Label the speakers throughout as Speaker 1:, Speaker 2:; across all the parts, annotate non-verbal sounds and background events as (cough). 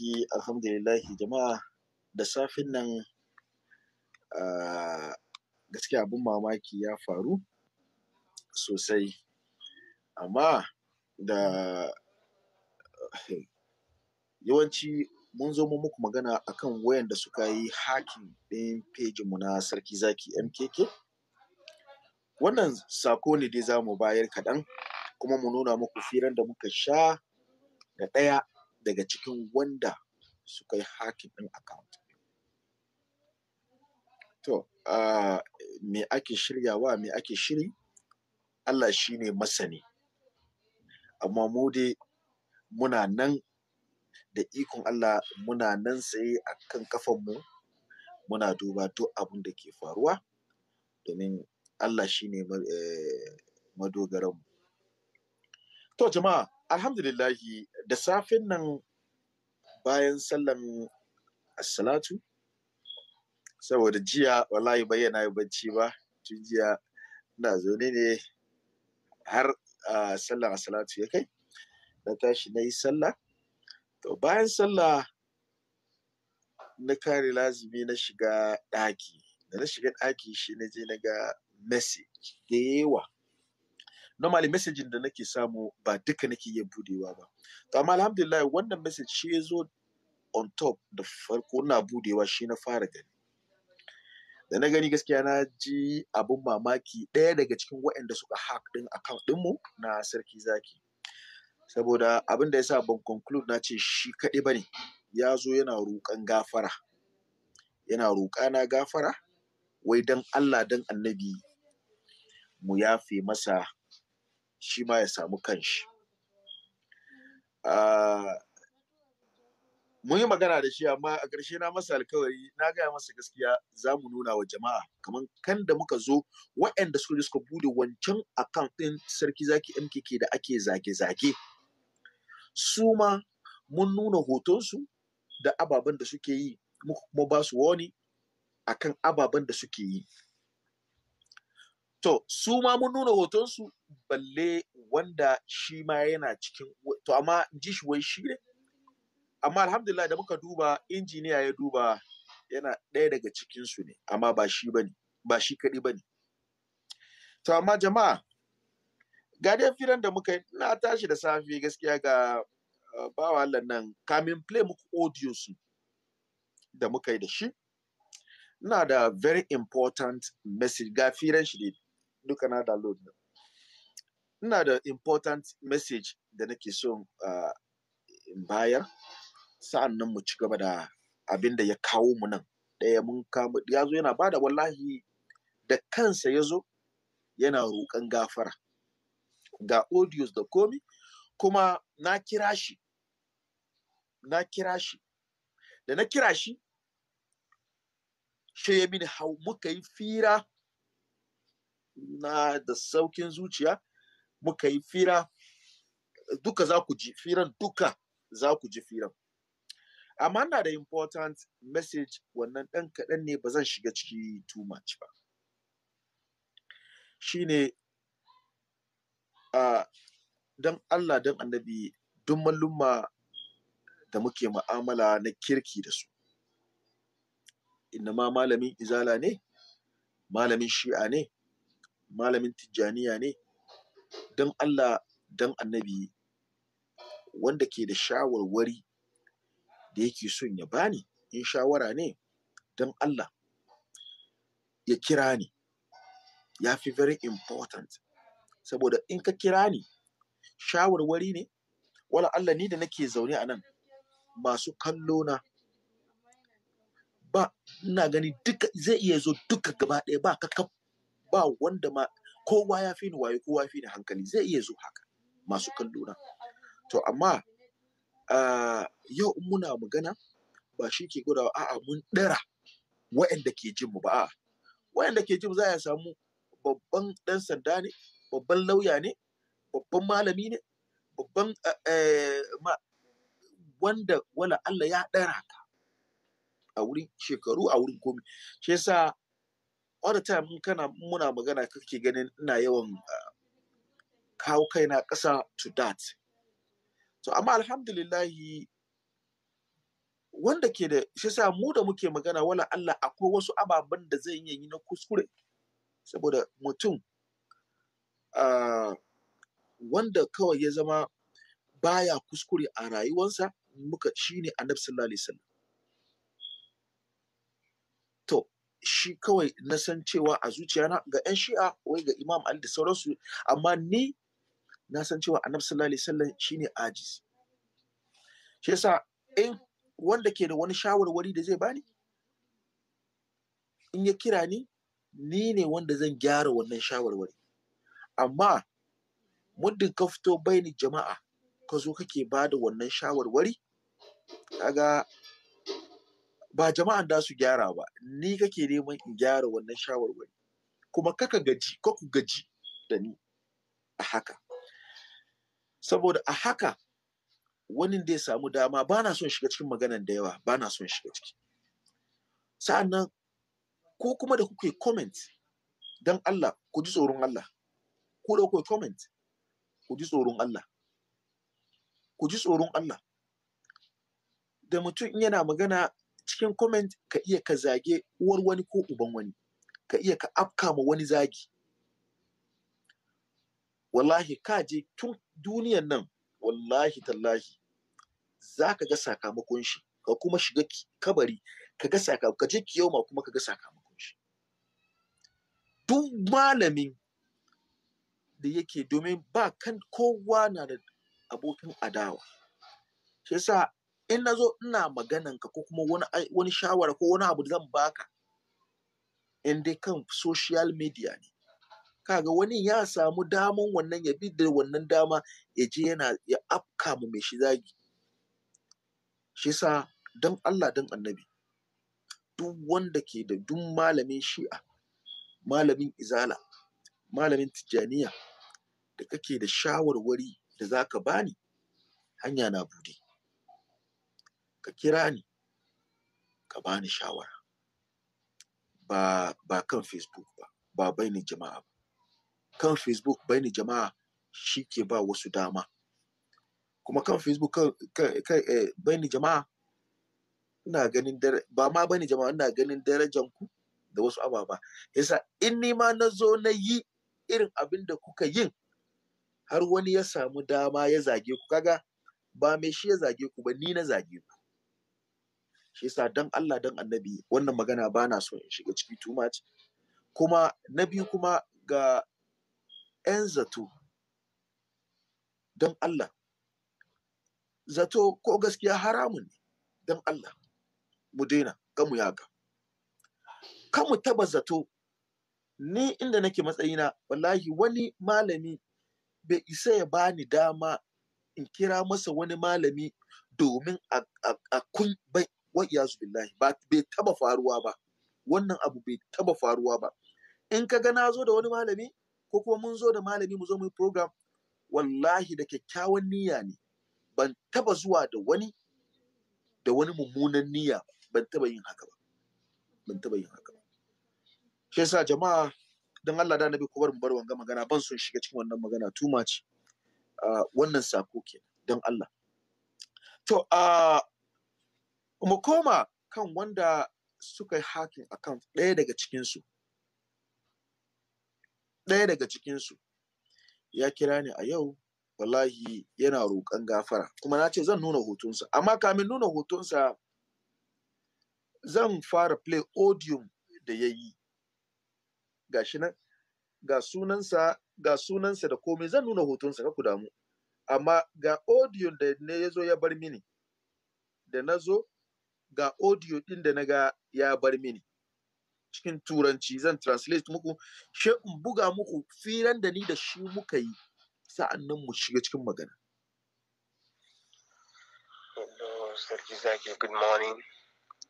Speaker 1: ciki alhamdulillahi jama'a da safin nan ah, gaskiya abin mamaki ya faru sosai amma da yawanci mun zo muku magana akan wayan da suka yi hakin ɗin mu na sarki zaki mkk wannan sako ne dai za mu bayar kaɗan kuma mu nuna muku firan da muka sha da ɗaya daga cikin wanda suka yi hacking ɗin account to ah, me ake shiryawa me ake shiri Allah shi ne masani amma mu dai muna nan da ikon Allah muna nan tsaye a kan kafanmu muna duba duk abin da ke faruwa domin Allah shi ne eh, madogaranmu To jama'a, alhamdulillahi da safin nan bayan sallan assalatu, saboda jiya wallahi bayyana yi bacci ba, tun jiya na zaune ne har sallan assalatu ya kai, na tashi na yi sallah. To bayan sallah na kare lazumi na shiga ɗaki, da na shiga ɗaki shi na je na ga message da yawa. normally message da nake samu ba duka nake iya budewa ba to amma alhamdulillah wannan message shi ya zo on top da farko na budewa shi na fara gani da na gani gaskiya na ji abin mamaki ɗaya daga cikin waɗanda suka hack ɗin account ɗinmu na sarki zaki saboda abin da yasa ban conclude na ce shi kaɗai bane ne ya zo yana roƙan gafara yana roƙa na gafara wai don allah don annabi mu yafe masa shi ma ya samu kanshi ah, mun yi magana da shi amma a ƙarshe na masa alkawari na gaya masa gaskiya za mu nuna wa jama'a kamar kan da muka zo waɗanda suka suka bude wancan akan ɗin sarki zaki mkk da ake zage-zage su ma mun nuna hotonsu da ababen da suke yi muka kuma ba su wani akan ababen da suke yi to su ma mun nuna hotonsu balle wanda shi ma yana cikin to amma ji shi wai shi ne amma alhamdulillah da muka duba injiniya ya duba yana ɗaya daga cikin su ne amma ba shi bane ba shi kaɗi bane to amma jama'a ga dai firan da muka yi na tashi da safe gaskiya ga uh, bawa Allah nan kamin play muku audio su da muka yi da shi ina da very important message ga firan shi ne duka na download ina da important message da nake so ah, in bayar sa'an nan mu ci gaba da abin da ya kawo mu nan ɗaya mun kama ya zo yana bada wallahi da kansa ya zo yana roƙon gafara ga audios da komi kuma na kira shi na kira shi da na kira shi shi ya mini hau muka yi fira na da saukin zuciya muka yi fira duka za ku ji firan duka za ku ji firan amma na da important message wannan ɗan kaɗan ne ba zan shiga ciki too much ba shine A don Allah don annabi duk mallumma da muke ma'amala na kirki da su ma malamin izala ne malamin shi'a ne malamin tijjaniya ne don Allah don annabi wanda ke da shawarwari da yake son ya bani in shawara ne don Allah ya kira ni ya fi very important saboda in ka kira ni shawarwari ne wala Allah ni da nake zaune a nan masu kallo na ba ina gani duka zai iya zo duka gaba ɗaya ba ka ba wanda ma kowa ya fi ni wayo kowa ya fi ni hankali zai iya zo haka masu kallo na to amma yau in muna magana ba shi ke a a'a mun ɗara wa'anda ke jin mu ba a'a wa'anda ke jin za a samu babban ɗan sanda ne babban lauya ne babban malami ne babban eh, eh, wanda wala Allah ya ɗara ka a wurin shekaru a wurin komi shi yasa all the time kana muna magana kake ganin ina yawan ah, kawo kaina ƙasa to that so amma alhamdulillahi wanda ke da shi sa mu da muke magana wala Allah akwai wasu ababen da zai yi na kuskure saboda mutum ah, wanda kawai ya zama baya kuskure a rayuwarsa muka shine annabi sallallahu alaihi wasallam shi kawai na san cewa a zuciyana ga 'yan shi'a wai ga imam ali da sauransu amma ni na san cewa annabi sallallahu alaihi wasallam shine ajiz shi yasa in wanda ke da wani shawarwari da zai bani in ya kira ni ni ne wanda zan gyara wannan shawarwari amma muddin ka fito baini jama'a ka zo kake ba da wannan shawarwari kaga ba jama'an da su gyara ba ni kake neman in gyara wannan shawarwari kuma kaka gaji ko ku gaji da ni a haka saboda a haka wani da ya samu dama ba na son shiga cikin maganan da yawa ba na son shiga ciki sa'annan ko kuma da kuke comment don Allah ku ji tsoron Allah ko da kuke comment ku ji tsoron Allah ku ji tsoron Allah da mutum yana magana cikin comment ka iya ka zage uwar wani ko uban wani ka iya ka afka ma wani zagi wallahi ka je tun duniyan nan wallahi tallahi za ka ga sakamakon shi ka kuma shiga kabari ka ga sakamakon ka je ki yau ma kuma ka ga sakamakon shi duk malamin da yake domin ba kan kowa na da abokin adawa shi yasa in na zo ina maganan ka ko kuma wani shawara ko wani abu da zan baka in dai kan social media ne kaga wani ya samu daman wannan ya bi da wannan dama ya je yana ya afka mu mai shi zagi shi sa don Allah don annabi duk wanda ke da duk malamin shi'a malamin izala malamin tijjaniya da kake da shawarwari da za zaka bani hanya na bude ka kira ni ka bani shawara ba ba kan facebook ba ba bainin jama'a ba kan facebook ni jama'a shi ke ba wasu dama kuma kan facebook kan, kan, eh, bainin jama'a ina ganin dare. ba ma ni jama'a ina ganin darajan ku da wasu ababa yasa in ni ma na zo na yi irin abin da kuka yin har wani ya samu dama ya zage ku kaga ba me shi ya zage ku ba ni na zage ku shi yasa dan Allah dan annabi wannan magana ba na so in shiga ciki too much kuma na biyu kuma ga 'yan zato dan Allah zato ko gaskiya haramun ne dan Allah mu daina mu yaga mu taba zato ni inda nake matsayina wallahi wani malami bai isa ya bani dama in kira masa wani malami domin a kun wa iyazu billahi ba bai taba faruwa ba wannan abu bai taba faruwa ba in ka ga na zo da wani malami ko kuma mun zo da malami mu zo mu yi program wallahi da kyakkyawan niyya ne ban taba zuwa da wani da wani mummunan niyya ban taba yin haka ba ban taba yin haka ba shi yasa jama'a don Allah da nabi kubar mu bar wanga magana ban son shiga cikin wannan magana too much ah, wannan sako ke dan Allah to a ah, mu koma kan wanda suka yi hakin kan ɗaya daga cikinsu ɗaya daga cikinsu ya kira ni a yau wallahi yana roƙon gafara kuma na ce zan nuna hotonsa amma kamin nuna hotonsa zan fara play odium da ya yi ga nan ga sunansa ga sunansa da komai zan nuna hotonsa ka ku damu amma ga odium da ne ya zo ya bar mini da na zo ga audio din da na ga ya bar mini cikin turanci zan translate muku she in buga muku firan da ni da shi muka yi sa'annan mu shiga cikin magana
Speaker 2: Hello, Sarki Zaki, good morning.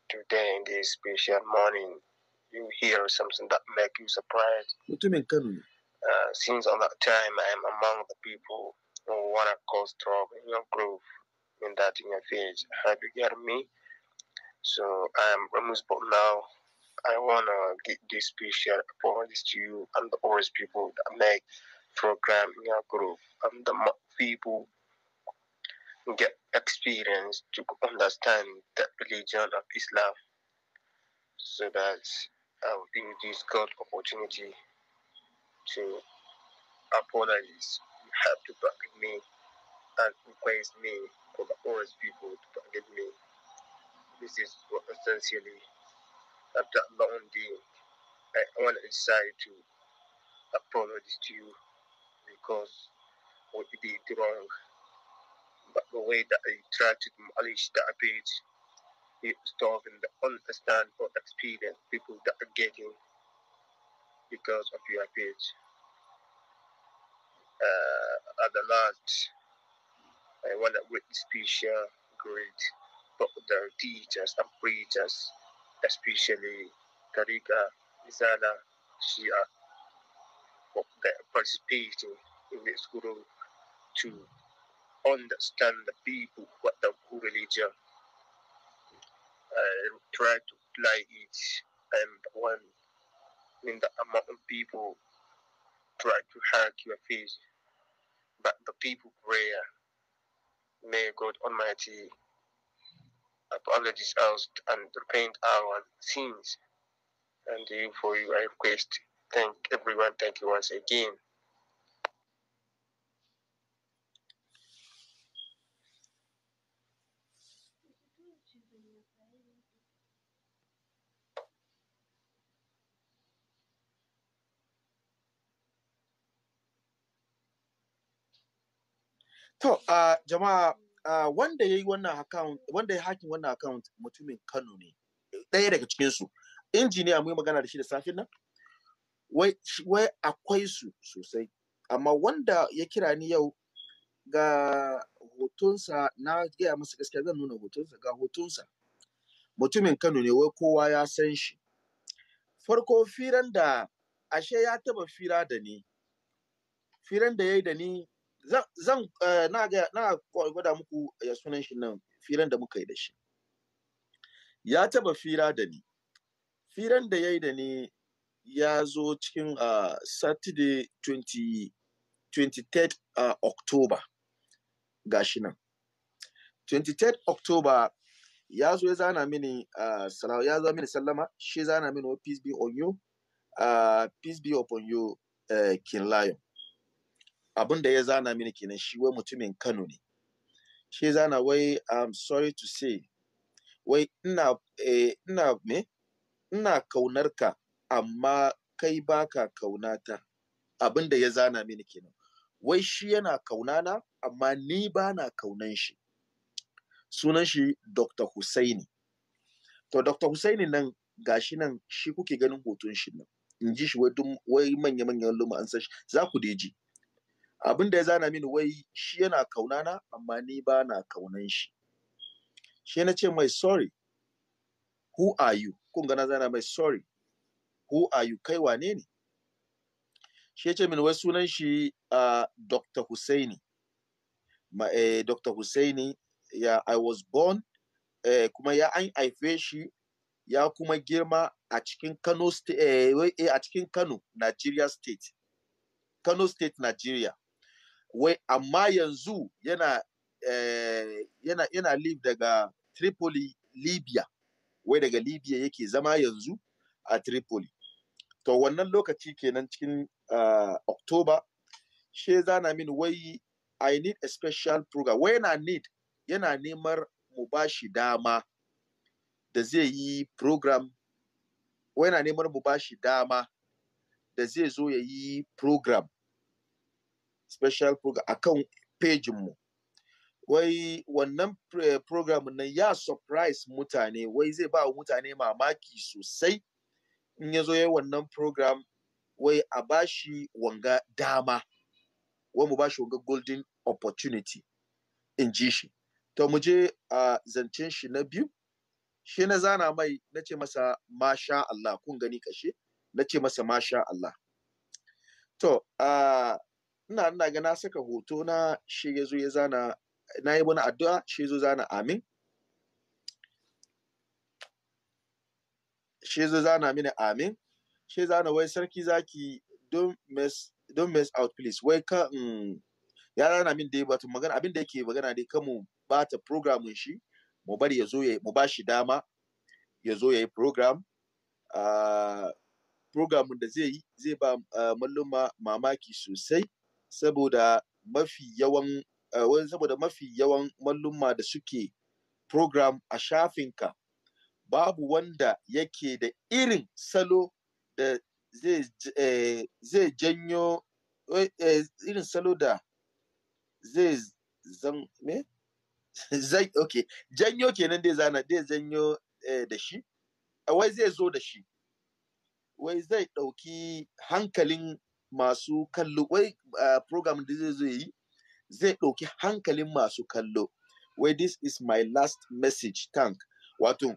Speaker 2: Today in this special morning, you hear something that make you surprised.
Speaker 1: Mutumin Kano ne.
Speaker 2: Uh, since on that time, I am among the people who want to cause trouble in your group, in that in your face. Have you heard me? So I'm um, Ramus now. I want to give this special apologies to you and the orange people that make program in your group and the people get experience to understand the religion of Islam so that I will give this God opportunity to apologize. You have to forgive me and request me for the orange people to forgive me this is what essentially after a long day, I want to decide to apologize to you because what you did wrong. But the way that I tried to demolish that page, it's causing the understand or experience people that are getting because of your page. Uh, at the last, I want to witness special grade the teachers and preachers, especially Tariqa, Isala, Shia, uh, participating in this group to understand the people, what the religion, uh, try to apply it, and when in the amount of people try to hack your faith, but the people prayer, may God Almighty apologies and repent our sins. And for you, I request, thank everyone, thank you once again.
Speaker 1: So, uh, jama'a Ah, wanda ya yi wannan account wanda ya hakin wannan account mutumin Kano ne ɗaya daga cikin su injiniya mu magana da shi da safin nan wai wai akwai su sosai amma wanda ya kira ni yau ga hotonsa na gaya masa gaskiya zan nuna hotonsa ga hotonsa mutumin Kano ne wai kowa ya san shi farko firan da ashe ya taba fira da ni firan da ya yi da ni zan eh, na ga na gwada muku ya sunan shi nan firan da muka yi da shi ya taba fira da ni firan da yayi da ni ya zo cikin ah, saturday 20, 23 uh, october gashi nan 23 october ya zo ya zana mini uh, ya zo mini sallama shi zana mini oh, peace be on you uh, peace be upon you uh, lion abin da ya zana mini kenan shi wai mutumin Kano ne shi zana wai I'm sorry to say wai ina eh, ina me ina kaunar ka amma kai baka kaunata abin da ya zana mini kenan wai shi yana kaunana amma ni bana kaunan shi sunan shi Dr. Husaini to Dr. Husaini nan gashi nan shi kuke ganin hoton shi nan in ji shi wai manya-manyan luma an san shi za ku deji abin da ya zana mini wai shi yana kaunana amma ni ba na kaunan shi shi na ce mai sorry who are you kun gana zana mai sorry who are you kai wane ne shi ya ce mini wai sunan shi a dr husaini ma, eh, dr husaini ya i was born eh, kuma ya an haife shi ya kuma girma a cikin kano eh, eh, a cikin kano nigeria state kano state nigeria wai amma yanzu yana eh, yana yana live daga Tripoli Libya wai daga Libya yake zama yanzu a Tripoli to wannan lokaci kenan cikin uh, October she zana min wai I need a special program wai yana need yana neman mu bashi dama da zai yi program wai yana neman mu bashi dama da zai zo ya yi program special program akan pejin mu wai wannan eh, program na ya surprise mutane wai zai ba mutane mamaki sosai in ya zo wannan program wai a bashi wanga dama wai mu bashi wanga golden opportunity in ji shi to mu je a zancen shi na biyu shi na zana mai na ce masa masha Allah kun gani kashe na ce masa masha Allah to a ina ina ga na saka hoto na shi ya zo ya zana na yi wani addu'a shi zo zana amin shi zo zana mini amin shi zana wai sarki zaki don mes don mes out please wai ka mm, ya zana min dai wato magana abin da yake magana dai mu bata program shi mu bari ya zo ya mu ba shi dama ya zo ya yi program uh, ah, programin da zai yi zai ba uh, malluma mamaki sosai saboda mafi yawan eh, wani saboda mafi yawan malluma da suke program a shafinka babu wanda yake da irin salo da zai eh, janyo eh, irin salo da zai zan me (laughs) zai ok janyo kenan dai zana dai janyo da shi wai zai zo da shi wai zai ɗauki hankalin masu kallo wai eh, program da zai zo yi zai ɗauki hankalin masu kallo wai this is my last message tank wato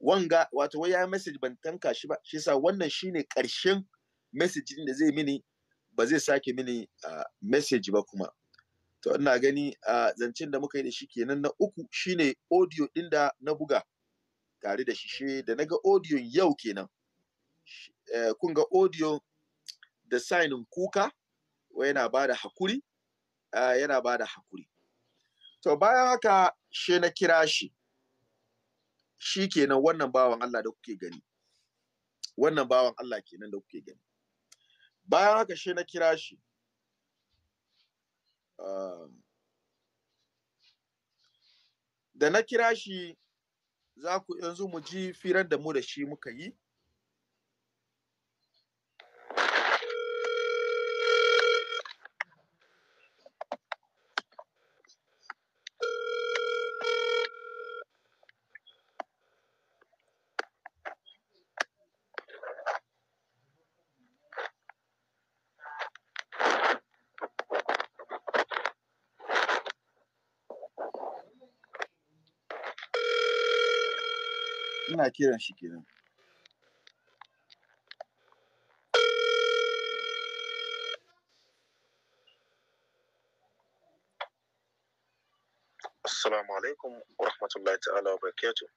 Speaker 1: wanga wato wai ya message ban tanka shi ba shi yasa wannan shine karshen message din da zai mini ba zai sake mini ah, message ba kuma to ina gani ah, zancen da muka yi da shi kenan na uku shine audio din da na buga tare da shi da naga audio yau kenan eh, kun ga audio da sainin kuka yana ba da hakuri ah, yana ba da hakuri to bayan haka she na kira shi shi kenan wannan bawan Allah da kuke gani wannan bawan Allah kenan da kuke gani bayan haka she na kira shi ah, da na kira shi za ku yanzu mu ji firar da mu da shi muka yi ana kiran shi kenan
Speaker 2: Assalamu alaikum wa rahmatullahi ta'ala wa barakatuh.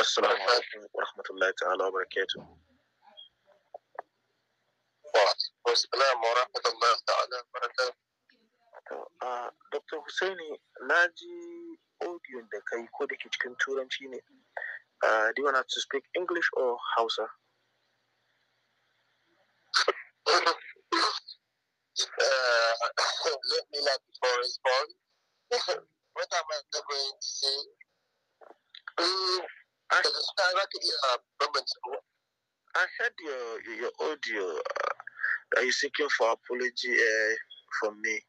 Speaker 2: Assalamu alaikum wa rahmatullahi ta'ala wa barakatuh. Wa alaikum wa rahmatullahi ta'ala wa barakatuh. Uh, Dr. Hussaini na ji audio da kai ko da ke cikin turanci ne. Uh, do you want to speak English or Hausa?
Speaker 3: uh, (coughs) let me like before respond.
Speaker 4: (coughs) what am I going to say? Um, I, uh,
Speaker 1: I heard your your audio. Uh, are you seeking for apology uh, from me?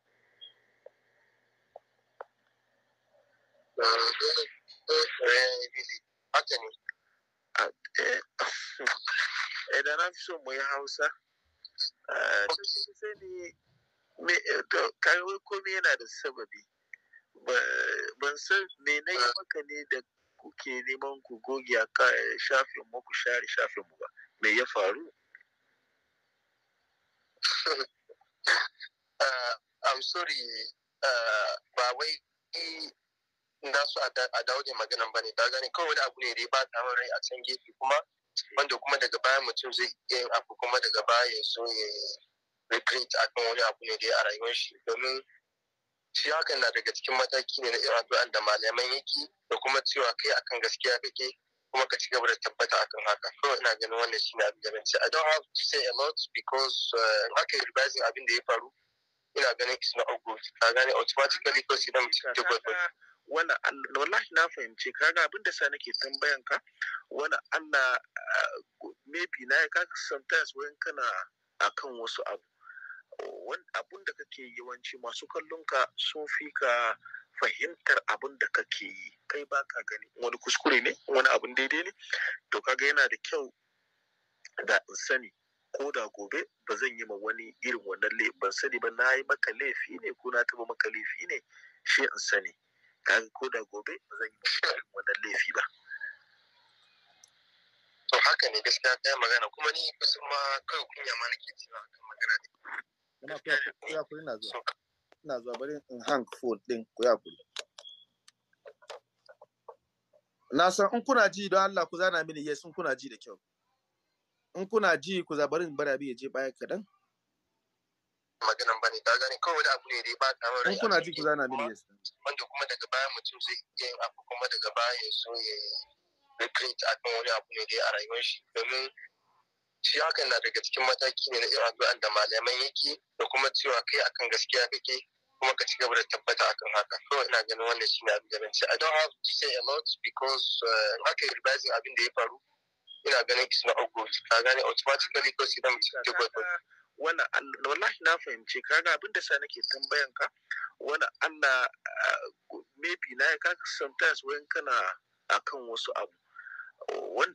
Speaker 2: haka eh, ne
Speaker 1: idan fi mu yi hausa eh, eh, kawai komai yana da sababi ban san me na yi maka ne da kuke neman ku goge a shafin mu ku share shafin mu ba me ya faru
Speaker 2: (laughs) uh, I'm sorry, uh, ba wai
Speaker 4: su a dawo da maganan bane ta gane kawai wani abu ne da ya ba ta rai a can gefe kuma wanda kuma daga baya mutum zai iya yin abu kuma daga baya ya so ya regret akan wani abu ne da ya a rayuwar shi domin shi hakan na daga cikin mataki ne na irin addu'an da malaman yake da kuma cewa kai akan gaskiya kake kuma ka ci gaba da tabbata akan haka kawai ina ganin wannan shi ne abin da ban I don't have to say a lot because
Speaker 1: haka eh, uh, revising abin da ya faru ina ganin is not good ka gane automatically ko idan mutum ya gwada Wani Allah wallahi na fahimce kaga abin da sa nake tambayan ka wani Allah ah, maybe na kaka sometimes wayan kana akan wasu abu abun da kake yawanci masu kallon ka sun fi ka fahimtar abin da kake yi kai ba ka gani wani kuskure ne wani abin daidai ne to kaga yana da kyau da in sani ko da gobe ba zan yi ma wani irin wannan ban sani ba na yi maka laifi ne ko na taba maka laifi ne shi in sani kaga ko da gobe ba zan yi wannan laifi ba
Speaker 2: to haka ne gaskiya kai magana kuma ni kusan ma kai kunya ma nake cewa
Speaker 4: kan magana
Speaker 1: ne ina na zuwa ina zuwa bari in hang phone din kuya kuya na san in kuna ji don Allah ku zana mini yes in kuna ji da kyau in kuna ji ku zabarin abi ya je baya kadan maganan bane ka gane kawai wani abu ne da ya ba ta rai kuna ji zana mini yes
Speaker 3: wanda kuma daga baya mutum zai iya yin abu kuma daga baya ya so ya a akan
Speaker 4: wani abu ne da ya a rayuwar shi domin shi hakan na daga cikin mataki ne na irin addu'an da malaman yake da kuma cewa kai akan gaskiya kake kuma ka ci gaba da tabbata akan haka kawai ina ganin wannan shi ne abin da I don't have to say a lot because haka eh, yi rubazin abin da ya
Speaker 1: faru ina ganin is not good ka gane automatically ko sai mutum ta gwada wani wallahi na fahimce kaga abin da sa nake tambayan ka wani Allah ah, maybe na ya kaka sometimes wayan kana akan wasu abu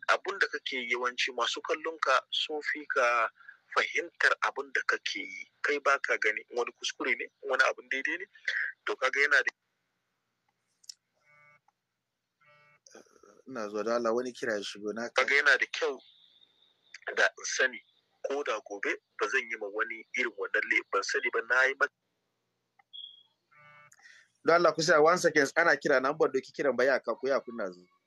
Speaker 1: abun da kake yawanci masu kallon ka sofi fi ka fahimtar abun da kake yi kai ba ka gani wani kuskure ne wani abun daidai ne to kaga yana da ina zuwa da wani kira ya shigo na kaga yana da kyau da sani ko da gobe ba zan yi ma wani irin wannan ban sani ba na yi mata don Allah kusa one seconds ana kira number doki kiran baya ka ko ya kunna zuwa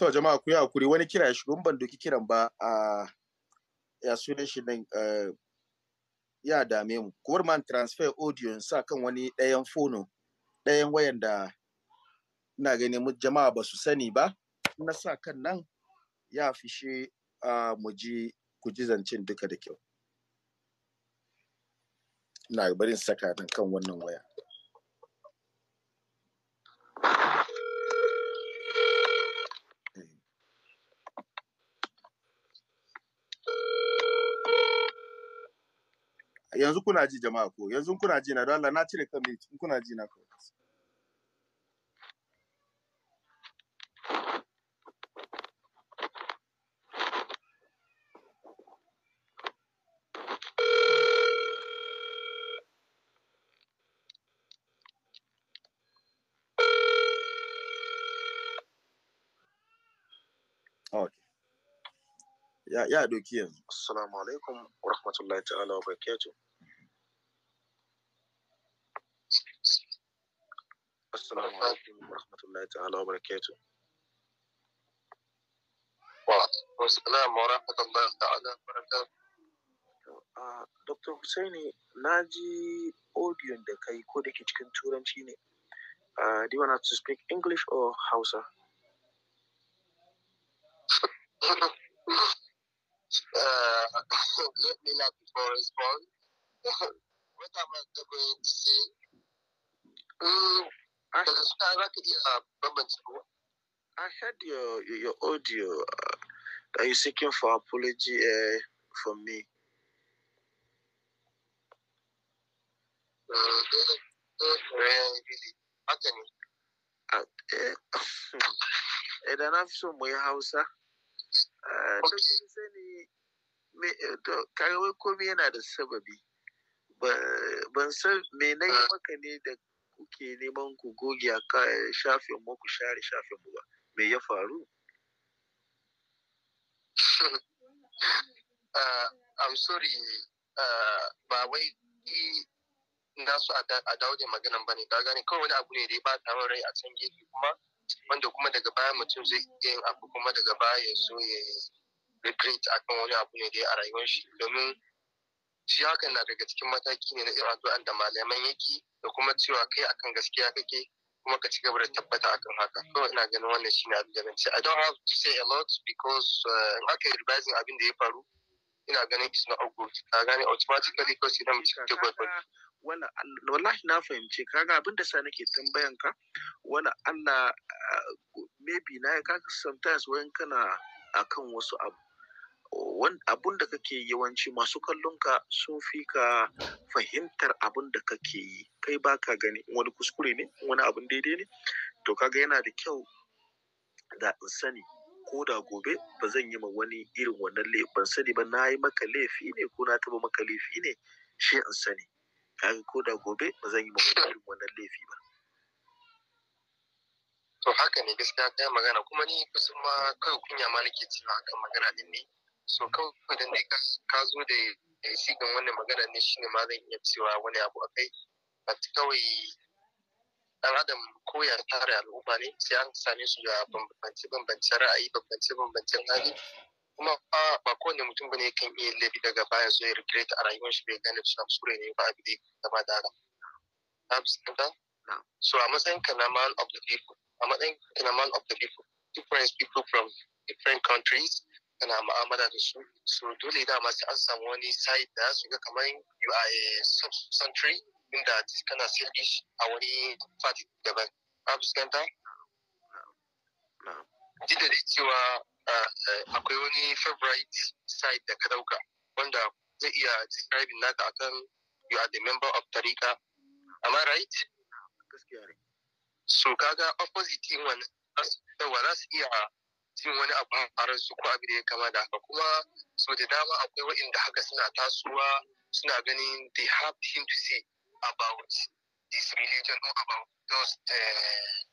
Speaker 1: To jama'a ku yi hakuri wani kira ya shigo ban doki kiran ba a ya sunan shi nan ya dame mu. Kuwar man transfer audio sa kan wani ɗayan fono ɗayan wayan da ina gani mu jama'a ba su sani ba. Na sa kan nan ya fishe mu ji ku ji zancen duka da kyau. Ina barin saka kan wannan waya. yanzu kuna ji jama'a ko yanzu kuna ji na don Allah na cire kan kuna ji na kawai ya ya doki yanzu
Speaker 2: assalamu alaikum wa rahmatullahi ta'ala wa barakatuh assalamu alaikum wa rahmatullahi ta'ala wa barakatuh wa assalamu wa rahmatullahi ta'ala wa barakatuh Dr. Hussaini na ji audio da kai ko da ke cikin turanci ne Uh, do you want to speak English or Hausa?
Speaker 3: (laughs) uh, (laughs) let me not before respond. (laughs) what am I going to say?
Speaker 1: Mm, I, I uh, heard your your audio uh, that you seeking for apology uh, from me.
Speaker 3: Mm, really, really. Uh, uh,
Speaker 1: uh, uh, uh, uh, uh, uh, uh, uh, cikin ah, sani kaga komai yana da sababi ban san me na yi ah. maka ne da kuke neman ku goge a shafin mu ku share shafin ba me ya faru (laughs) ah, I'm sorry
Speaker 4: ba wai na so a dawo da maganan ba ne ka gane kawai wani abu ne da ya ba ta rai a can gefe kuma wanda kuma daga baya mutum zai iya yin abu kuma daga baya ya so ya regret akan wani abu ne dai a rayuwar shi domin shi hakan na daga cikin mataki ne na irin addu'an da malaman yake da kuma cewa kai akan gaskiya kake kuma ka ci gaba da tabbata akan haka so ina ganin wannan shine abin da nace i don't have to say a lot because eh, in aka revising abin da ya faru ina ganin is not good
Speaker 1: ka gane automatically ko sai na mutum ke gwagwagwa wala wallahi na fahimce kaga abin da sa nake tambayan ka wala Allah eh, maybe na ka sometimes wayan kana akan wasu abu abun da kake yawanci masu kallon ka sun fi ka fahimtar abun da kake yi kai ba ka gani wani kuskure ne wani abun daidai ne to kaga yana da kyau da in sani ko da gobe ba zan yi ma wani irin wannan laifin sani ba na yi maka laifi ne ko na taba maka laifi ne shi in sani kaga ko da gobe ba zan yi magana irin wannan laifi ba to haka ne gaskiya kai magana kuma ni kusan ma
Speaker 4: kai kunya ma nake cewa kan magana din ne so kawai da ne ka zo da ya ga wannan magana ne shine ma zan iya cewa wani abu akai ba kawai dan adam ko ya tare al'umma ne sai an same su da bambance bambancen ra'ayi bambance bambancen hali kuma ba kowane mutum bane kan iya laifi daga baya zo ya regret a rayuwar shi bai gane cewa kuskure ne ba abu da ya gaba da haka so a matsayin ka na man of the people a matsayin ka na man of the people different people from different countries kana ma'amala da su so dole da masu an samu wani side da su ga kamar you are a sub-country inda kana selfish a wani party daban abu fuskanta duk da cewa akwai wani favorite site da ka dauka wanda zai iya describing naka akan you are the member of tariqa am I right so kaga opposite in wannan yawa za su iya cin wani abu a ransu ko abu da ya kama da haka kuma so da dama akwai waɗanda haka suna tasowa suna ganin they have him to say about this religion or about those uh,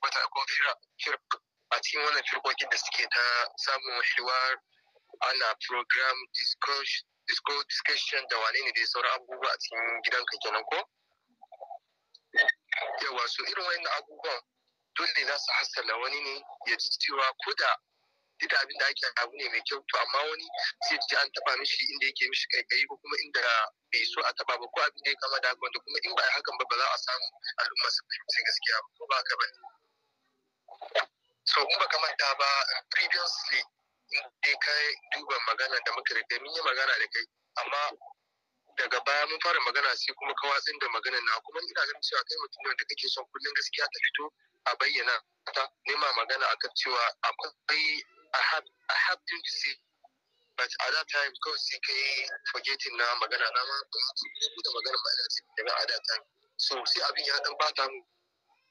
Speaker 4: what I call a cikin wannan firkokin da suke ta samun shiwar ana program discussion da wane ne dai sauran abubuwa a cikin gidanka kenan ko yawa su irin wani abubuwan dole za su hasala wani ne ya ji cewa ko da duk abin da ake abu ne mai kyau to amma wani sai ji an taba mishi inda yake mishi kaikayi ko kuma inda bai so a taba ba ko abin da ya kama da haka wanda kuma in ba hakan ba ba za a samu al'umma su fahimci gaskiya ba ko ba ka ba so in baka manta ba
Speaker 3: previously in
Speaker 4: dai ka duba magana da muka rike mun yi magana da kai amma daga baya mun fara magana sai kuma ka watsin da magana na kuma ina ganin cewa kai mutum ne da kake son kullum gaskiya ta fito a bayyana ta nema magana akan cewa akwai I have I have to see but at that time ko sai kai forgetting na magana na ma da magana ma ina ce daga at that time so sai abin ya dan bata mu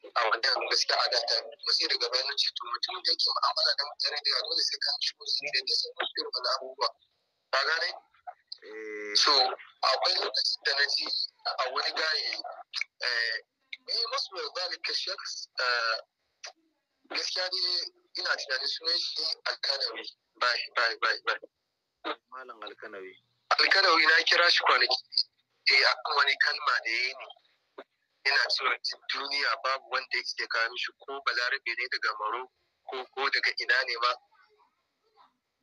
Speaker 4: a wajen gaskiya a data Wasu sai daga bayan ce
Speaker 3: to mutum da yake mu'amala da mutane da yawa dole sai ka shigo
Speaker 4: zini da dai sauran su wani abubuwa ka gane eh. so akwai lokacin da na ji a wani gaye eh masu eh, mai zalika shaks eh, gaskiya dai ina tunanin sunan shi alkanawi bai bai bai bai malam alkanawi alkanawi na kira shi kwanaki eh akan wani kalma da yayi ne ina cewa duniya babu wanda yake kawo mishi ko balarabe ne daga maro ko ko daga ina ne ma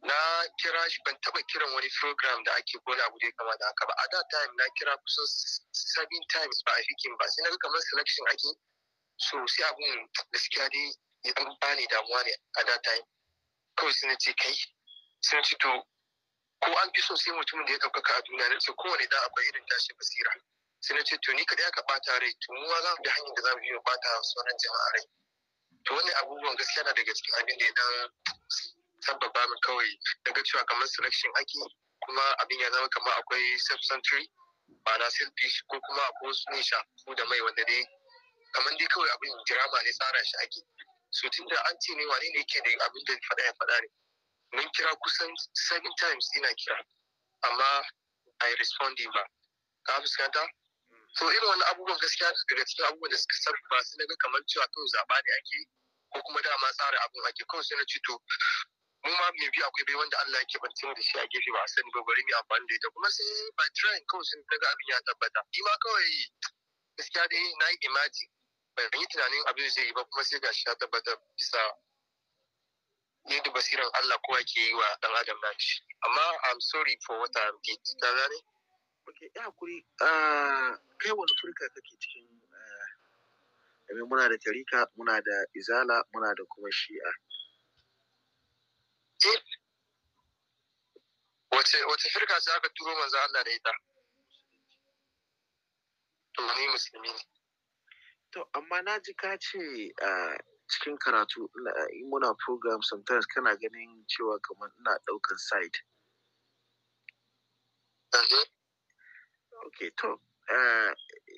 Speaker 4: na kira shi ban taba kiran wani program da ake ko abu da kama da haka ba a da time na kira kusan seven times ba a fikin ba sai na kamar selection ake so sai abun gaskiya dai ba bani damuwa ne a da time kawai sai na ce kai sai na ce to ko an fi so sai mutumin da ya ɗaukaka a duniya na ce kowane da akwai irin tashi basira sai na ce to ni kaɗai aka ɓata rai to mu za mu bi hanyar da za mu mu ɓata sauran jama'a rai to wannan abubuwan gaskiya na daga cikin abin da ya dan sababa min kawai daga cewa kamar selection ake kuma abin ya zama kamar akwai self century ba na self fish ko kuma akwai wasu ne shafu da mai wanda dai kamar dai kawai abin drama ne tsara shi ake so tunda an ce ne wane ne yake da abin da faɗa ya faɗa ne mun kira kusan seven times ina kira amma I yi responding ba ka fuskanta so irin wani abubuwan gaskiya daga cikin abubuwan da suka ba su na kamar cewa to zaba ne ake ko kuma dama tsara abin ake kawai sai na ce to mu ma mai biyu akwai bai wanda Allah yake bance da shi a gefe ba a sani ba bari mu amfani da ita kuma sai by trying kawai sun daga abin ya tabbata ni ma kawai gaskiya dai na yi imaji ban yi tunanin abin zai yi ba kuma sai gashi ya tabbata bisa yadda basiran Allah kowa ke yi wa dan adam na shi amma I'm sorry for what I did ta gane
Speaker 1: ok ya hakuri ah, kai wani furka kake cikin domin eh, muna da tarika muna da izala muna da kuma shi'a
Speaker 4: wace firka za ka turo manzo Allah
Speaker 3: da ita to ni musulmi ne
Speaker 1: to amma na ji ka ce ah, cikin karatu muna program sometimes kana ganin cewa kamar ina ɗaukan side ok to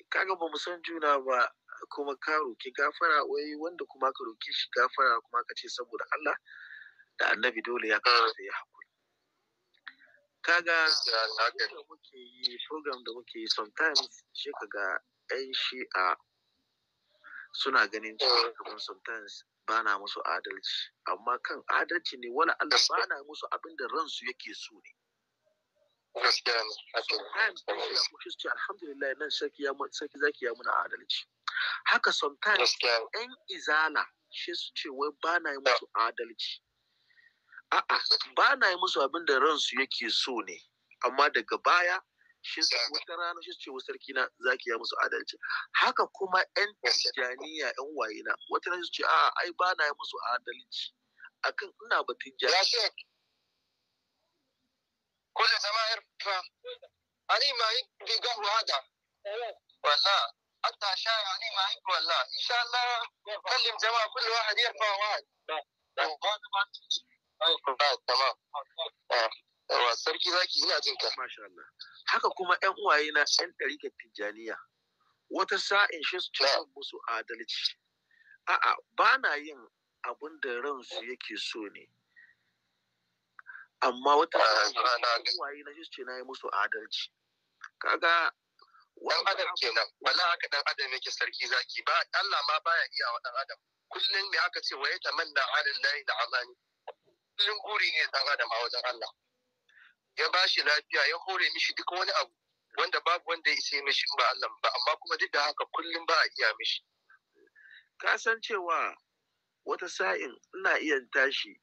Speaker 1: kaga ba san juna ba kuma ka roki gafara wai wanda kuma ka roki shi gafara kuma ka ce saboda Allah da annabi dole ya da ya hakuri kaga da muke
Speaker 2: yi program da muke yi sometimes shi kaga yan shi'a
Speaker 1: suna ganin cewa mm. kamar sometimes ba na musu adalci amma kan adalci ne wani Allah ba na musu abin da ransu yake so ne gaskiya ne haka ne alhamdulillah sarki ya sarki zaki ya muna adalci haka sometimes yan izala shi su ce wai ba na yi musu adalci a'a ba na yi musu abin da ransu yake so ne amma daga baya shi wata rana shi ce sarki na zaki ya musu adalci haka kuma yan tijjaniya yan waye na wata rana shi ce a'a ai ba na yi musu adalci akan ina batun jami'a كل زماهير
Speaker 4: أنا ما يدي قهوة هذا ولا حتى شاي أنا ما يدي ولا إن شاء الله كلم جماعة كل واحد يرفع واحد
Speaker 1: تمام yawa sarki zaki ina ka haka kuma ƴan uwaye na ƴan ga tijjaniya wata sa'in shi su musu adalci a'a ba na yin abin da ransu yake so ne amma wata waye ah, na shi na yi musu adalci kaga dan adam kenan wala haka dan adam yake sarki zaki ba
Speaker 4: Allah ma baya iya wa dan adam kullum me aka ce waye tamanna alal lahi da amani kullum guri ne dan adam a wajen Allah ya ba shi lafiya ya hore mishi duk wani abu wanda babu wanda ya isa mishi ba Allah ba amma kuma duk da haka kullum ba a iya mishi
Speaker 1: ka san cewa wata sa'in ina iya tashi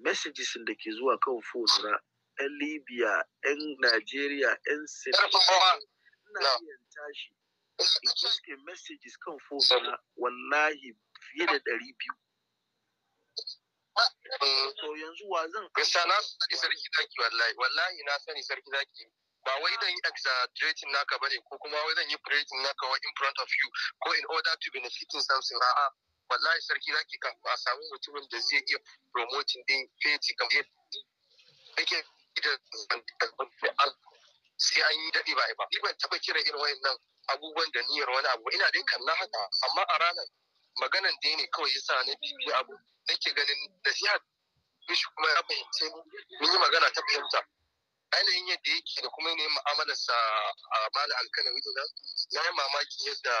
Speaker 1: messages da ke zuwa kan phone na 'yan libya 'yan najeriya 'yan senegal na iya tashi in iske messages kan phone na wallahi fiye da ɗari biyu
Speaker 4: to yanzu wa zan eh, gaskiya na sani sarki zaki wallahi wallahi na sani sarki zaki ba wai zan yi exaggerating naka bane ko kuma wai zan yi praising naka in front of you ko in order to benefiting something a'a wallahi sarki zaki kafin a samu mutumin da zai iya promoting din feji kamar yadda ake da sai an yi daɗi ba ba. Ni ban taɓa kira irin wayannan abubuwan da niyyar wani abu ina dai kalla haka amma a ranar maganan da ne kawai yasa na bibi abu nake ganin nasiha bishi kuma ya fahimce ni mun yi magana ta fahimta ainihin yadda yake da kuma yanayin mu'amalarsa a malam alkana nan na yi mamakin yadda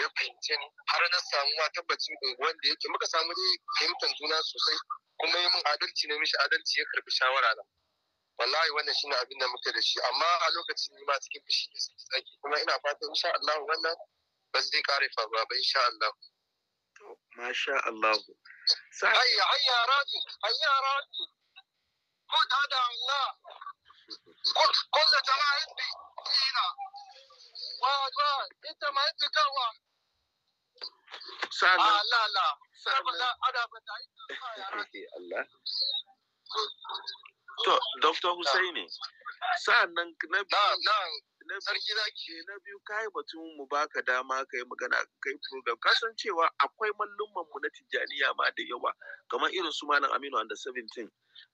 Speaker 4: ya fahimce ni har na samu ma tabbacin da yake muka samu dai fahimtar juna sosai kuma yi min adalci ne mishi adalci ya karbi shawara na wallahi wannan shine abin da muka da shi amma a lokacin ni ma cikin fushi ne suke tsaki kuma ina fatan insha Allah wannan ba zai kare faruwa ba insha Allah
Speaker 2: to masha Allah
Speaker 3: ayya ayya rabi ayya rabi ko da Allah كل جماعة
Speaker 4: فينا واحد واحد انت ما انت كوا سامي آه لا لا سامي انا
Speaker 3: بدي الله
Speaker 1: to dr husaini sa'annan na sarki zaki eh, na biyu kai batun mu baka dama kai magana kai program kasan cewa akwai mallumman mu na tijjaniya ma da yawa kamar irin su malam aminu under 17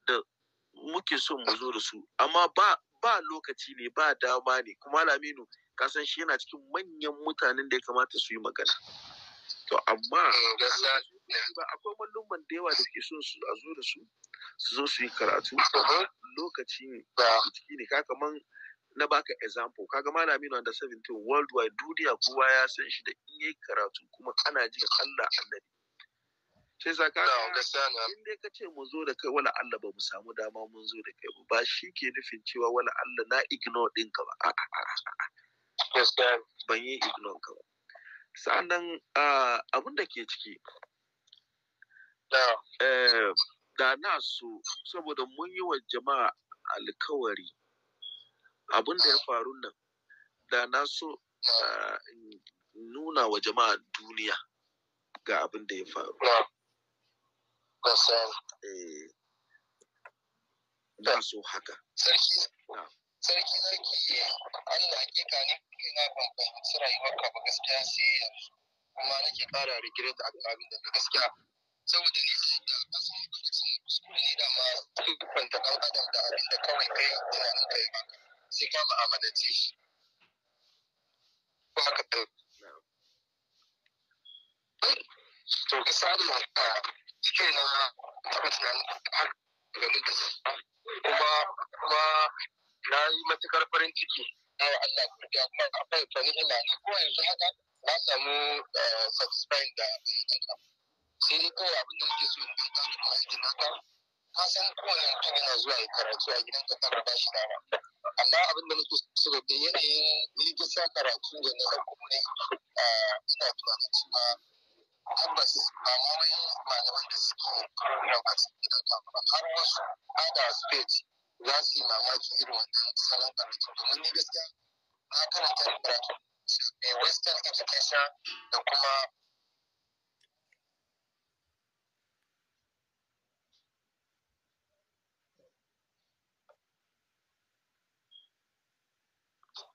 Speaker 1: da muke son mu zo da su amma ba ba lokaci ne ba dama ne kuma Laminu kasan shi yana cikin manyan mutanen da ya kamata su yi magana to amma eh, akwai mallumman da yawa da ke son su a zo da su su zo su yi karatu lokaci ne ciki ne ka kaman na baka example kaga malami laminu under 17 worldwide duniya kowa ya san shi da in yayi karatu kuma ana jin Allah annabi sai sa ka in dai ka ce mu zo da kai wala Allah ba mu samu dama mun zo da kai ba shi ke nufin cewa wala Allah na ignore ɗinka ba ban yi ignore ka ba sa'annan abin da ke ciki eh, da na so saboda mun yi wa jama'a alkawari abin da ya faru nan da na so nuna wa jama'a duniya ga abin da ya faru Ban san. Eh. Ban so haka. Sarki.
Speaker 3: Sarki zaki Allah hakika ne na ban fahimci rayuwarka ba gaskiya sai yanzu.
Speaker 4: Kuma nake kara regret a abin da gaskiya. Saboda ni da kasan lokacin kuskure ne da dama kwanta ɗan adam da abin da kawai kai yana nan kai ba. Sai ka ma'amalance
Speaker 3: shi. Ba ka to gaskiya da shi na taɓa tunanin har
Speaker 4: da kuma kuma na yi matukar farin ciki
Speaker 3: na a Allah da kuma akwai fani ina ni ko yanzu haka na samu eh, satisfying da sai dai kawai abin da nake so in ta gane da aikin haka ka san kowane mutum yana zuwa ya karatu a gidan ka ba shi dama amma abin da nake so
Speaker 4: da yanayin
Speaker 3: ni gisa karatu da na ɗauko ne eh, ina tunanin cewa tabbas ba ma wai malaman da suke rabata gidan kama ba har wasu ada space za su yi mamaki irin wannan salon karatu domin ni gaskiya na karanta karatu mai western education da kuma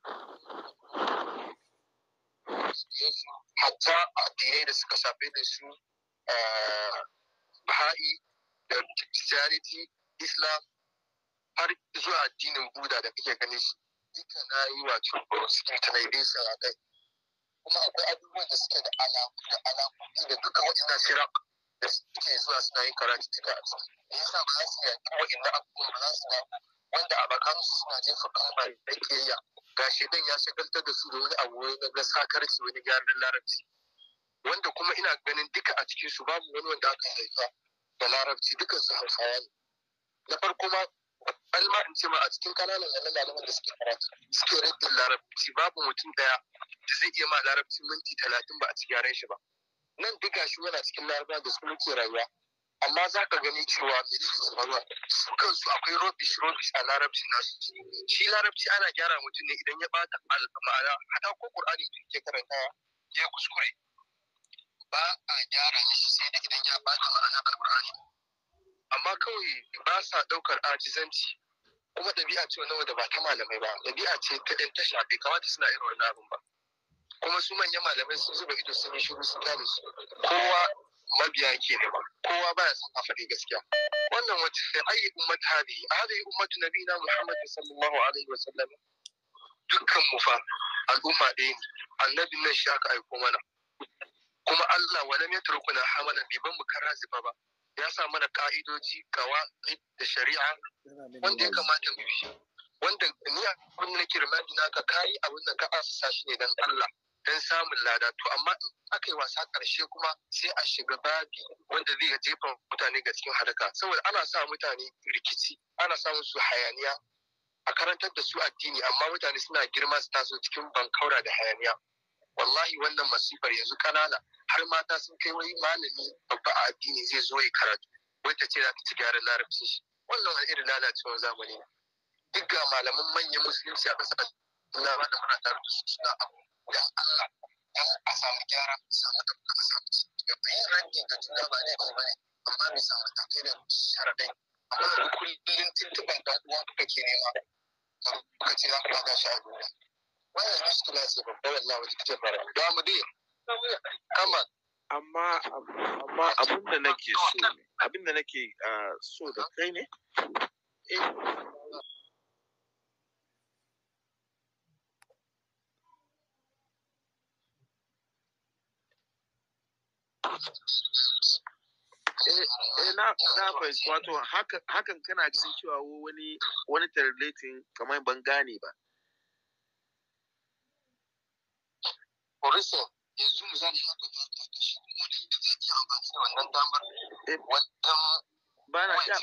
Speaker 3: Thank you. hatta addinai
Speaker 4: da suka shafi da su eh, baha'i da christianity islam har zuwa addinin buda da kake ganin shi duka na yi wato internalization a kai kuma akwai abubuwan da suke da alaƙu da alaƙoƙi da duka waɗannan shirak da suke zuwa suna yin karatu tuka a ciki me yasa ba za su yaƙi waɗannan abubuwan ba za su yaƙi wanda a bakansu suna jefa kalmar da ke yi. gashi ya shagaltar da su da wani abu wani na sakarci wani gyaran larabci wanda kuma ina ganin duka a cikin su babu wani wanda aka haifa da larabci dukan su hausawa ne na farko ma alma in ce ma a cikin kananan wannan malaman da suke karatu suke raddin larabci babu mutum daya da zai iya ma larabci minti talatin ba a cikin yaren shi ba nan duka shi yana cikin larabci, da su muke rayuwa amma za ka gani cewa su kansu akwai rubbish rubbish a larabci nasu shi larabci ana gyara mutum ne idan ya bata al'amara hada ko qur'ani da yake karanta ya kuskure ba a gyara mishi sai da idan ya bata ma'ana al'amara amma kawai ba sa daukar ajizanci kuma ɗabi'a ce nawa da ba ta malamai ba ɗabi'a ce ta ɗan tasha bai kamata suna irin wannan abin ba kuma su manyan malamai sun zuba ido sun yi shiru sun tare su kowa mabiya ke ne ba kowa baya son a faɗi gaskiya wannan wacce sai ayi ummat hadi hadi ummatu nabina muhammadin sallallahu alaihi wa sallam dukkan mu fa al'umma ɗaya ne annabi nan shi aka aiko mana kuma Allah wa lam yatrukuna hamalan bi ban mu karazifa ba ya sa mana ka'idoji kawa da shari'a wanda ya kamata mu bi wanda ni a kunna kirmadi naka kai abin da ka asasa shi ne dan Allah don samun lada to amma aka yi wasa ƙarshe kuma sai a shiga babi wanda zai jefa mutane ga cikin hadaka saboda ana sa mutane rikici ana sa musu hayaniya a karantar da su addini amma mutane suna girma su taso cikin bankaura da hayaniya wallahi wannan masifar yanzu kanana har mata sun kai wani malami babba a addini zai zo ya karatu wata ce za ta ci gyaran larabci shi wannan wani irin lalacewar zamani ne duk ga malaman manyan musulunci a ƙasar ba da muna tare da su suna abu
Speaker 3: dan Allah dan a samu gyara samu da kuma samu da yin rankin ga juna ba ne ba ne amma bisa matakai da sharadai amma da kullum tuntuban dan uwa kuka ke nema kuka ce za ku ga shi a duniya
Speaker 2: wannan muskula ce babba wallahi wata take fara da mu dai kama amma amma abin da nake so abin da nake ah, so da kai ne eh
Speaker 1: Eh, eh na na fahimci wato hakan kana ganin cewa wani wani tarlatin kamar ban gane ba Orisa yanzu misali ya ta shi wani
Speaker 4: da zai yi da wannan damar eh, wajen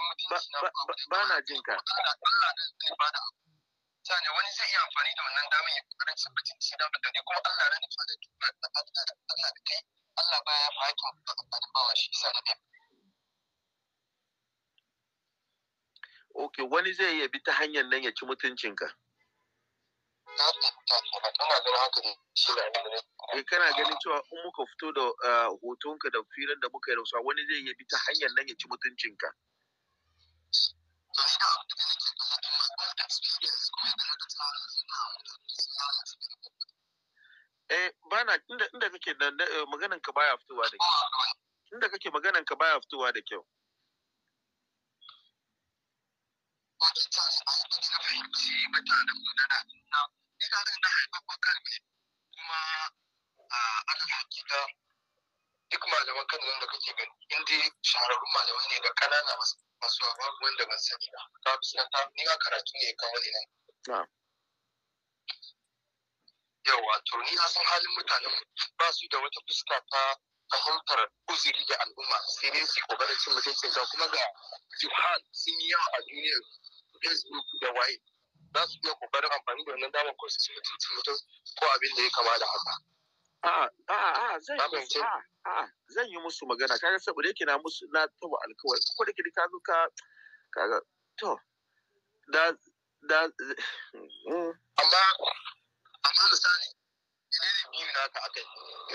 Speaker 4: bana jin ka mutane wani zai iya amfani da wannan
Speaker 3: damar ya kokarin sabbacin ci damar da kuma Allah na nufa da duba da Allah da kai Allah
Speaker 1: baya fa da amfanin bawa shi sa na Ok, wani zai iya bi ta hanyar nan ya ci mutuncinka. Eh kana ganin cewa in muka fito da ah, hotonka da filin da muka yi da wani zai iya bi ta hanyar nan ya ci mutuncinka. Eh bana inda inda kake da eh, maganan ka baya fitowa da kyau. Inda kake maganan ka baya fitowa da kyau.
Speaker 4: duk malaman kan da kake gani in shahararrun malamai ne da ƙanana masu masu abubuwan da ban sani ba ka fuska ta ni a karatu ne kawo ne
Speaker 2: nan
Speaker 4: wato ni ni san halin mutanen ba su da wata fuska ta fahimtar uzuri da al'umma sai dai su kokarin cin mutuncin ga kuma ga juhan sun yi yawa a duniyar facebook da waye za su iya kokarin amfani da wannan damar ko cin
Speaker 1: mutuncin mutum ko abin da ya kama da haka A'a, zan yi a'a, zan yi musu magana. Kaga saboda yake na musu na taba alkawari. Ko da kidi ka zo ka kaga to da da (sighs) mm. amma amma misali ne biyu na aka yi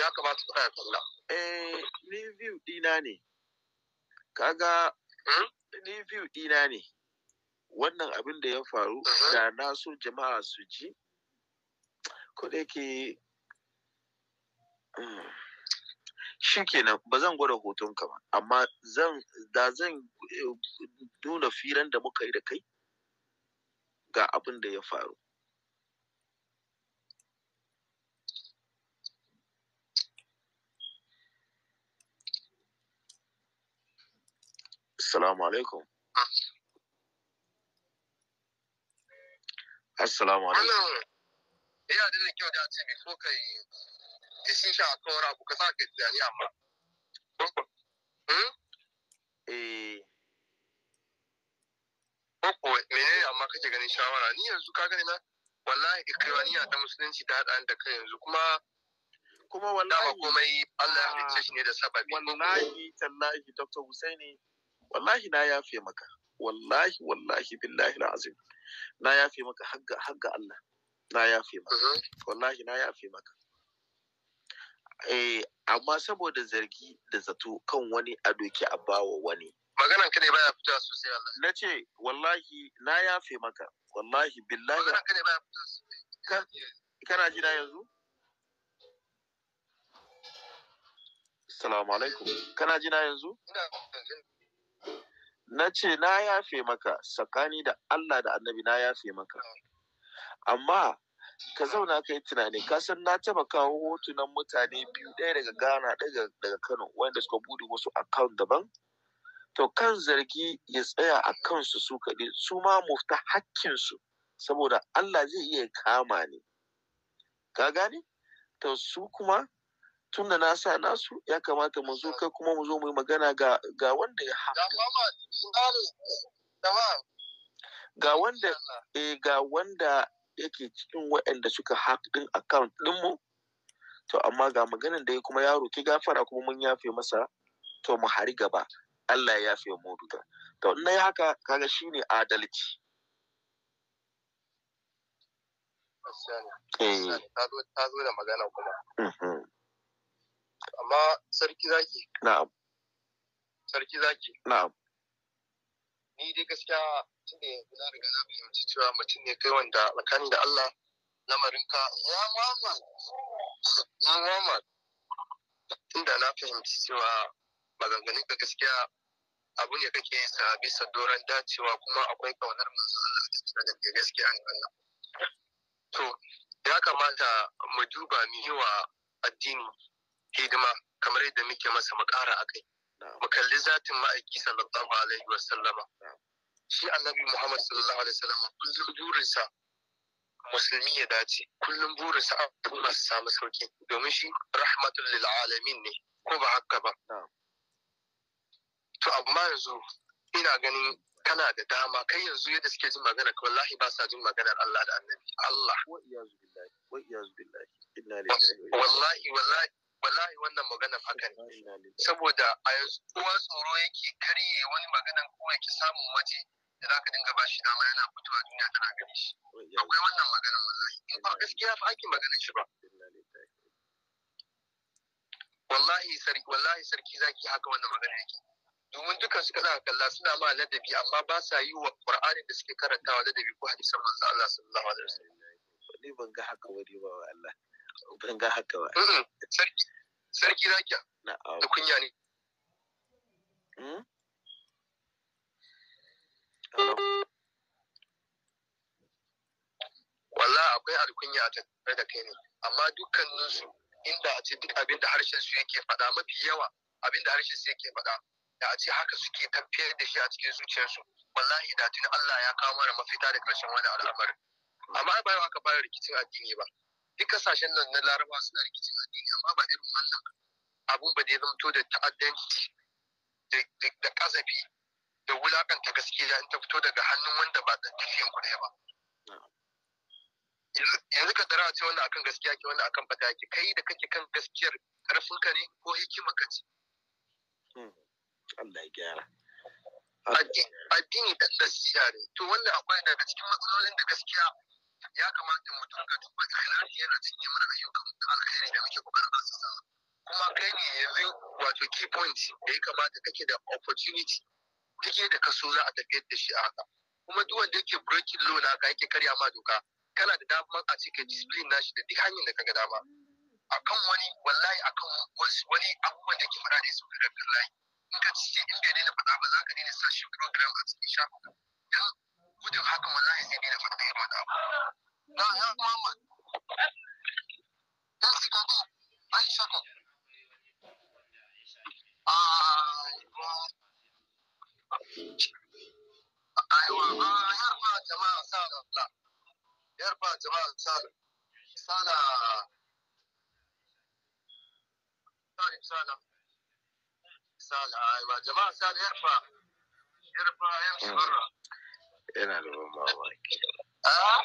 Speaker 1: Ya kamata ka kalla. Eh, review dina ne. Kaga review hmm? dina ne. Wannan abin da ya faru uh-huh. da na so jama'a su ji ko da yake shi kenan ba zan gwada hotonka ba amma zan da zan eh, nuna firan da muka yi da kai ga abin da ya faru
Speaker 2: Assalamu alaikum. Assalamu alaikum.
Speaker 4: Ya yana da kyau da ce mai so kai ya eh, sha abu ka sa ka amma. Koko hmm? eh. mene amma kake ganin shawara ni yanzu ka gani na wallahi ni ta musulunci ta haɗa da kai yanzu kuma kuma wallahi dama komai Allah ya halicce shi
Speaker 1: ne da sababi wallahi tallahi Dr. Husaini wallahi na yafe maka wallahi wallahi billahi azim na yafe maka Allah na yafe maka uh-huh. wallahi na yafe maka Eh, amma saboda zargi da zato kan wani a doki a bawa wani maganan ka ne baya fita sosai Allah na ce wallahi na yafe maka wallahi billahi maganan ka ne baya fita sosai kana jina yanzu Salamu alaikum kana jina yanzu na ce na yafe maka tsakani da Allah da annabi na yafe maka amma ka zauna ka yi tunani ka san na taba kawo hotunan mutane biyu ɗaya daga ghana ɗaya daga kano wanda suka buɗe wasu account daban to kan zargi ya tsaya a kansu su kaɗai su ma mufta hakkinsu saboda allah zai iya kama ni ka gane to su kuma tun da na sa nasu ya kamata mu zo kai kuma mu zo mu yi magana ga ga wanda ya ga wanda eh ga wanda yake cikin waɗanda suka haɗin account ɗinmu to amma ga maganar da ya kuma yaro ki gafara kuma mun yafe masa to mu hari gaba Allah ya yafe mu duka to in nayi haka kaga shine adalci eh.
Speaker 4: ta zo da magana kuma amma sarki zaki na'am sarki zaki na'am ni dai gaskiya tunda yanzu na riga na fahimci cewa mutum ne kai wanda tsakanin da Allah lamarinka ya wama ya wama tunda na fahimci cewa maganganun ka gaskiya abu ne kake yin sa bisa doron dacewa kuma akwai kaunar manzo Allah da gaskiya ne wannan to ya kamata mu duba mu yi wa addini hidima kamar yadda muke masa mu ƙara akai mu kalli zatin ma'aiki sallallahu alaihi wa shi annabi Muhammad sallallahu alaihi wasallam kullum burinsa musulmi ya dace kullum burinsa al'umma su samu sauki domin shi rahmatul lil alamin ne ko ba haka ba to amma yanzu ina ganin kana da dama kai yanzu yadda suke jin magana ka wallahi ba sa jin maganar Allah da annabi Allah wallahi wallahi wallahi wannan maganar haka ne saboda a yanzu kowa tsoro yake karye wani maganar ko yake samun waje da za ka dinga ba shi dama yana fitowa duniya tana gani shi akwai wannan maganar wallahi in ba gaskiya fa ake maganar shi ba wallahi sarki wallahi sarki zaki haka wannan magana yake domin duka suka za kalla suna ma ladabi amma ba sa
Speaker 1: yi wa qur'ani da suke karantawa ladabi ko hadisan manzo Allah sallallahu alaihi wasallam ni ban ga haka wani ba Allah ban ga haka ba sarki sarki zakiya da
Speaker 2: kunya ne hmm?
Speaker 4: Walla akwai alkunya a tattare da kai ne amma dukkaninsu inda a ce duk abin da harshen su yake faɗa mafi yawa abin da harshen su yake faɗa da a ce haka suke tafiyar da shi a cikin zuciyarsu wallahi da tuni Allah ya kawo mana mafita da ƙarshen wani al'amarin amma ba haka fara rikicin addini ba duk kasashen nan na laraba suna rikicin addini amma ba irin wannan abun ba ya zamto da ta'addanci da kazafi da wulakanta gaskiya in ta fito daga hannun wanda ba da tafiyan ku ba yanzu ka dara ce wannan akan gaskiya ke wannan akan fata ke kai da kake kan gaskiyar karfin ka ne ko hikima ka ce hmm. Allah ya gyara addini da
Speaker 3: gaskiya ne to wanda akwai daga cikin matsalolin da gaskiya ya kamata mutum ka tabbata yana cinye mana ayyukan alkhairi da muke bukatar sa kuma kai ne yanzu
Speaker 4: wato key point da ya kamata kake da opportunity take da kaso za a tafiyar da shi a haka kuma duk wanda yake breaking law na ka yake karya ma doka kana da damar a cikin discipline nashi da duk hanyar da ka ga dama akan wani wallahi akan wasu wani abubuwan da ke
Speaker 3: fara da su daga billahi in ka ci in bai daina faɗa ba za ka daina sa shi program a cikin shafin dan gudun hakan wallahi sai daina faɗa irin wani abu na ya mama yana
Speaker 2: da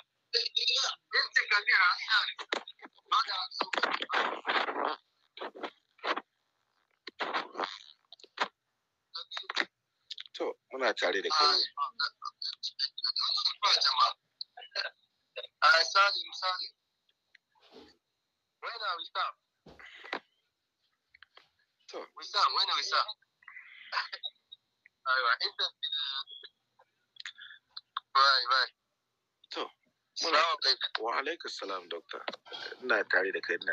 Speaker 1: To, muna tare da kai.
Speaker 4: Salim, Salim. Where are Wissam?
Speaker 3: To. Wissam, where are Wissam? Aiwa, inda...
Speaker 2: Right, right. To. Wa salam dokta.
Speaker 1: Ina tare da kai ina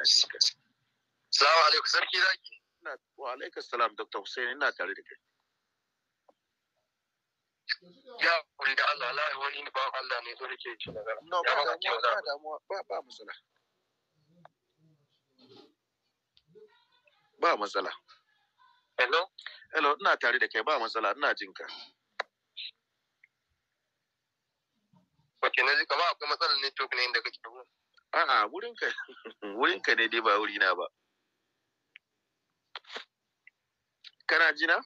Speaker 1: Wa salam dokta Hussein ina tare da kai. Ya
Speaker 4: kuri Allah Allah wani ba Allah ne zo ci Ya ba damuwa
Speaker 1: ba matsala. Hello? Hello ina tare da kai ba matsala ina jinka. ka. wace na ji ba akwai matsalar network ne inda kake ruwa a'a wurinka (laughs) wurinka ne dai ba wurina ba kana jina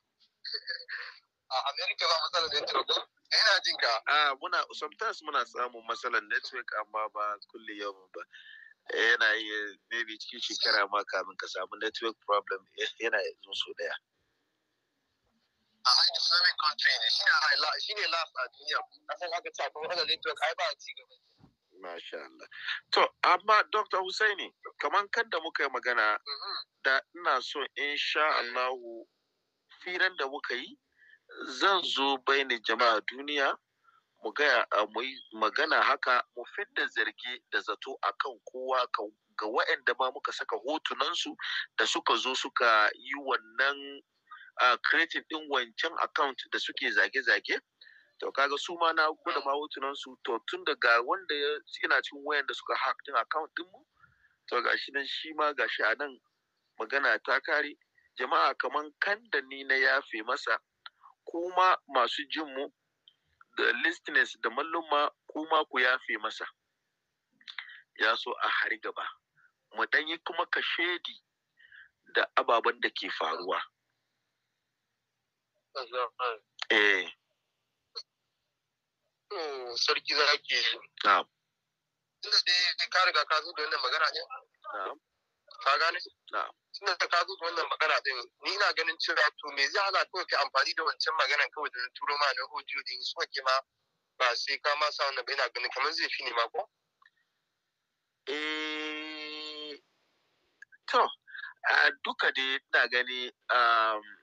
Speaker 1: a america ba matsalar network ina jin ka a muna sometimes muna samun matsalar network amma ba kulle yau ba yana iya maybe cikin shekara ma kamin ka samu network problem eh, yana yanzu
Speaker 2: so daya
Speaker 4: a high islamic ne shi last a
Speaker 1: duniya kasan network ai ba ci gaba Masha Allah. To, amma Dr. Hussaini, kaman kan muka yi magana mm-hmm. da ina so insha Allahu firan da muka yi zan zo baini jama'a duniya mu gaya mu muyi magana haka mu fidda zargi da zato akan kowa ga waɗanda ma muka saka hotunansu da suka zo suka yi wannan creating din wancan account da suke zage-zage to kaga su ma na gwada da mm. su to tun daga wanda ya yana cikin wayan da suka hack din account din mu to gashi nan shi ma gashi a nan magana ta kare jama'a kaman kan da ni na yafe masa kuma masu jin mu da listeners da malluma kuma ku yafe masa ya so a hari gaba mu dan yi kuma kashedi da ababen da ke faruwa Eh.
Speaker 4: Hmm, sarki za ke yi. Tunda dai ka riga ka zo da wannan magana ne. Ka gane? Tunda da ka zo da wannan magana din ni ina ganin cewa to me zai hana kawai ka amfani da wancan magana kawai da na turo ma na audio din Su ke ma ba sai ka ma sa wannan ba ina ganin kamar zai fi ne ma ko?
Speaker 1: Eh. To, duka dai ina gani um,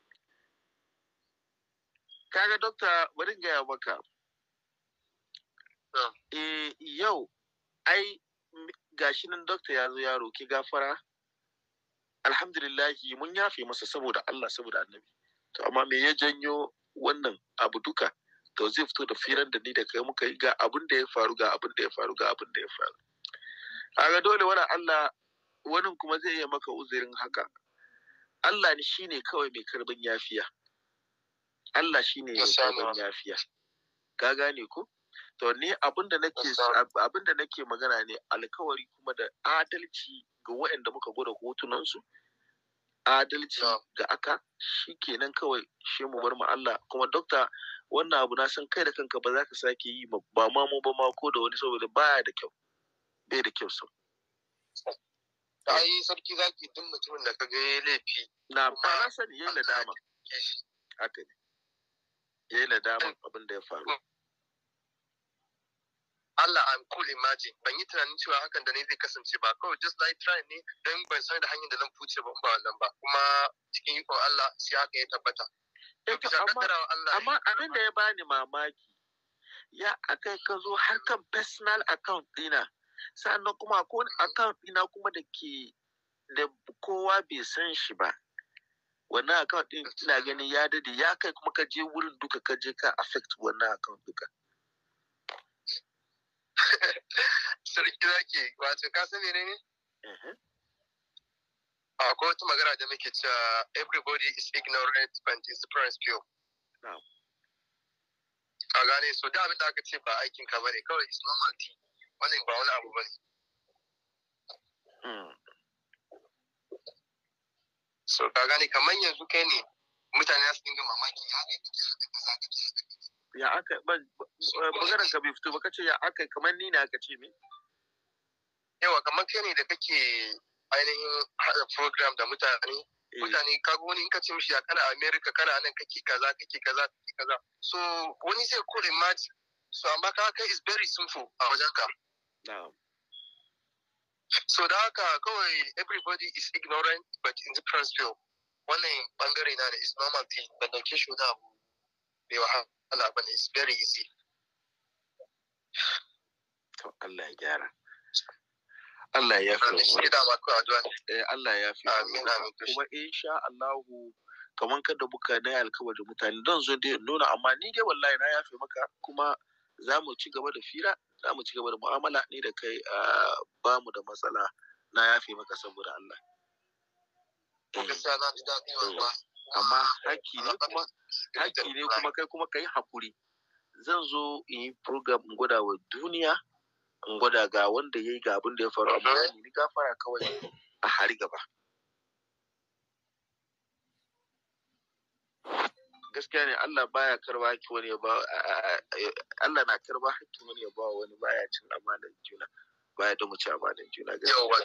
Speaker 1: kaga dokta bari gaya maka eh, yau ai gashi nan dokta ya zo yaro ki gafara alhamdulillahi mun yafe masa saboda Allah saboda annabi to amma me ya janyo wannan abu duka to zai fito da firan da ni da kai muka yi ga abin da ya faru ga abin da ya faru ga abin da ya faru kaga dole wani Allah wani kuma zai iya maka uzurin haka Allah ne shine kawai mai karbin yafiya Allah ne ya kaban yafiya ka gane ko to ni abinda nake nake magana ne alkawari kuma da adalci ga waɗanda muka gwada hotunan su adalci ga aka shi nan kawai shi mu bar mu Allah kuma dokta wannan abu na san kai da kanka ba za ka sake yi ba ma mu ba ma ko da wani saboda baya da kyau bai da kyau sau ai sarki zaki dun mutumin da ka ga laifi na ba na sani yayin da dama haka ne ya yi nadaman abin da ya faru.
Speaker 4: Allah I'm cool imagine ban yi tunanin cewa hakan da ne zai kasance ba kawai just like try ne don ban san da hanyar da zan fuce ba ba wannan ba kuma cikin ikon
Speaker 1: Allah sai haka ya tabbata. Eh, amma abin da ya bani mamaki ya aka ka zo har kan personal account dina sannan kuma ko account dina kuma da ke da kowa bai san shi ba. wannan account din ina ganin ya dade ya kai kuma ka je wurin duka ka je ka affect wannan account duka (laughs) sarki zaki wato ka sani
Speaker 4: ne ne akwai wata magana da muke cewa everybody is ignorant but is the prince pure a gane so da abin da aka ce ba aikin ka bane kawai is normal wannan ba wani abu bane hmm. so ka gane kamar yanzu kai ne mutane za su dinga mamaki ya ne kake haɗa kaza kake haɗa ya aka maganar ka bai fito ba kace ya aka kamar ni ne aka ce me yawa kamar kai ne da kake ainihin haɗa program da mutane eh. mutane ka wani in ka ce mishi kana america kana nan kake kaza kake kaza kake kaza so wani zai kore mat, so amma ka kai is very simple a wajen ka so da haka kawai everybody is ignorant but in the principle wannan bangare na da is normal thing ban dauke shi wani abu bai wahala ba ne is very easy
Speaker 1: to Allah ya gyara Allah ya fi eh, Allah ya fi kuma insha Allahu kamar kada muka na da mutane don zo dai nuna amma ni dai wallahi na yafe maka kuma za mu ci gaba da fira za mu ci gaba da mu'amala ni da kai ba mu da matsala na yafe maka saboda Allah eh, amma haƙƙi ne kuma haƙƙi ne kuma kai kuma kai hakuri zan zo in yi program in gwada wa duniya in gwada ga wanda ya yi ga abin da ya faru amma mhm. ni ni gafara kawai a hari gaba gaskiya ne Allah baya karba hakki wani ya ba eh,
Speaker 2: Allah na karba hakki wani ya ba wani baya cin amanar juna baya da mace amanar juna
Speaker 4: yawa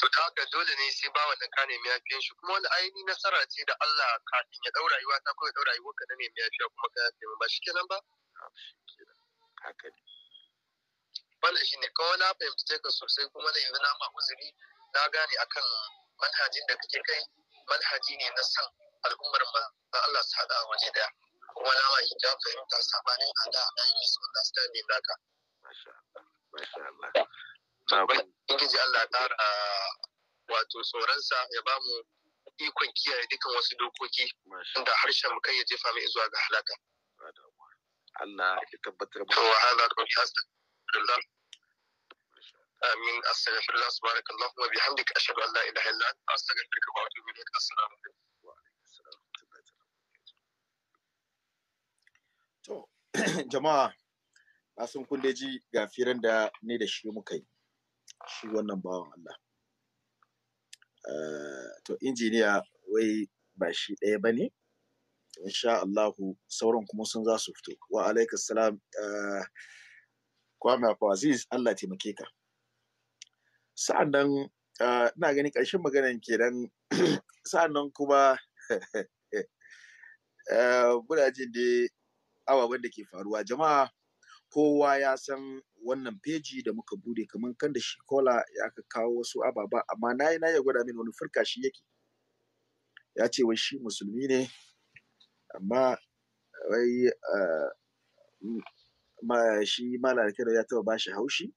Speaker 4: to ta haka dole ne sai ba wannan ka nemi yafiyan shi kuma wani ainihi nasara ce da Allah kafin ya daura yiwa ta ko ya daura yiwa ka na nemi yafiya kuma ka nemi ba shikenan ba haka ne wannan ne kawai na fahimci ka sosai kuma na yanzu na ma uzuri na gane akan manhajin da kake kai manhaji ne na san al'ummar manzon Allah su haɗa a waje ɗaya kuma na ma ja fahimta sabanin a da na yi understanding Allah eh. ƙara wato tsoronsa ya ba mu ikon kiyaye dukan wasu dokoki inda harshen mu kai ya jefa zuwa ga halaka. Allah ya tabbatar Amin.
Speaker 2: subhanakallah wa bihamdika an la ilaha illa wa atubu Assalamu alaikum.
Speaker 1: To, (clears throat) jama'a, na sun kun ji ga firan da ni da shi muka yi, shi wannan bawan Allah. Eh, to, injiniya wai ba shi ɗaya ba ne, insha Allah sauran kuma sun za su fito. Wa alaikas salam, eh, Kwame Aziz, Allah taimake ka. Sa'an nan, eh, ina ganin ƙarshen maganan kenan, (clears throat) sa'an nan kuma, (laughs) muna jin dai ababen da ke faruwa jama'a kowa ya san wannan feji da muka bude kamar kan da shi kola ya ka kawo wasu ababa amma na yi na ya gwada min wani furka shi yake ya ce wai shi musulmi ne amma wai eh, ma shi malarkar ya taba bashi haushi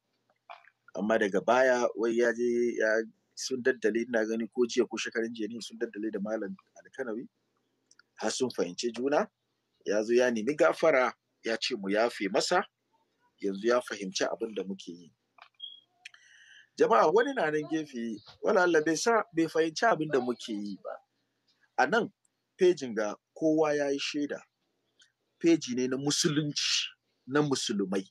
Speaker 1: amma daga baya wai ya je ya sun daddale ina gani ko jiya ko shekarun jiya ne sun daddale da malam alkanawi har sun fahimci juna ya zo ya nemi gafara ya ce mu yafe masa yanzu ya fahimci abin da muke yi jama'a wani na nan gefe wala Allah bai sa bai fahimci abin da muke yi ba a nan pejin ga kowa ya yi shaida peji ne na musulunci na musulmai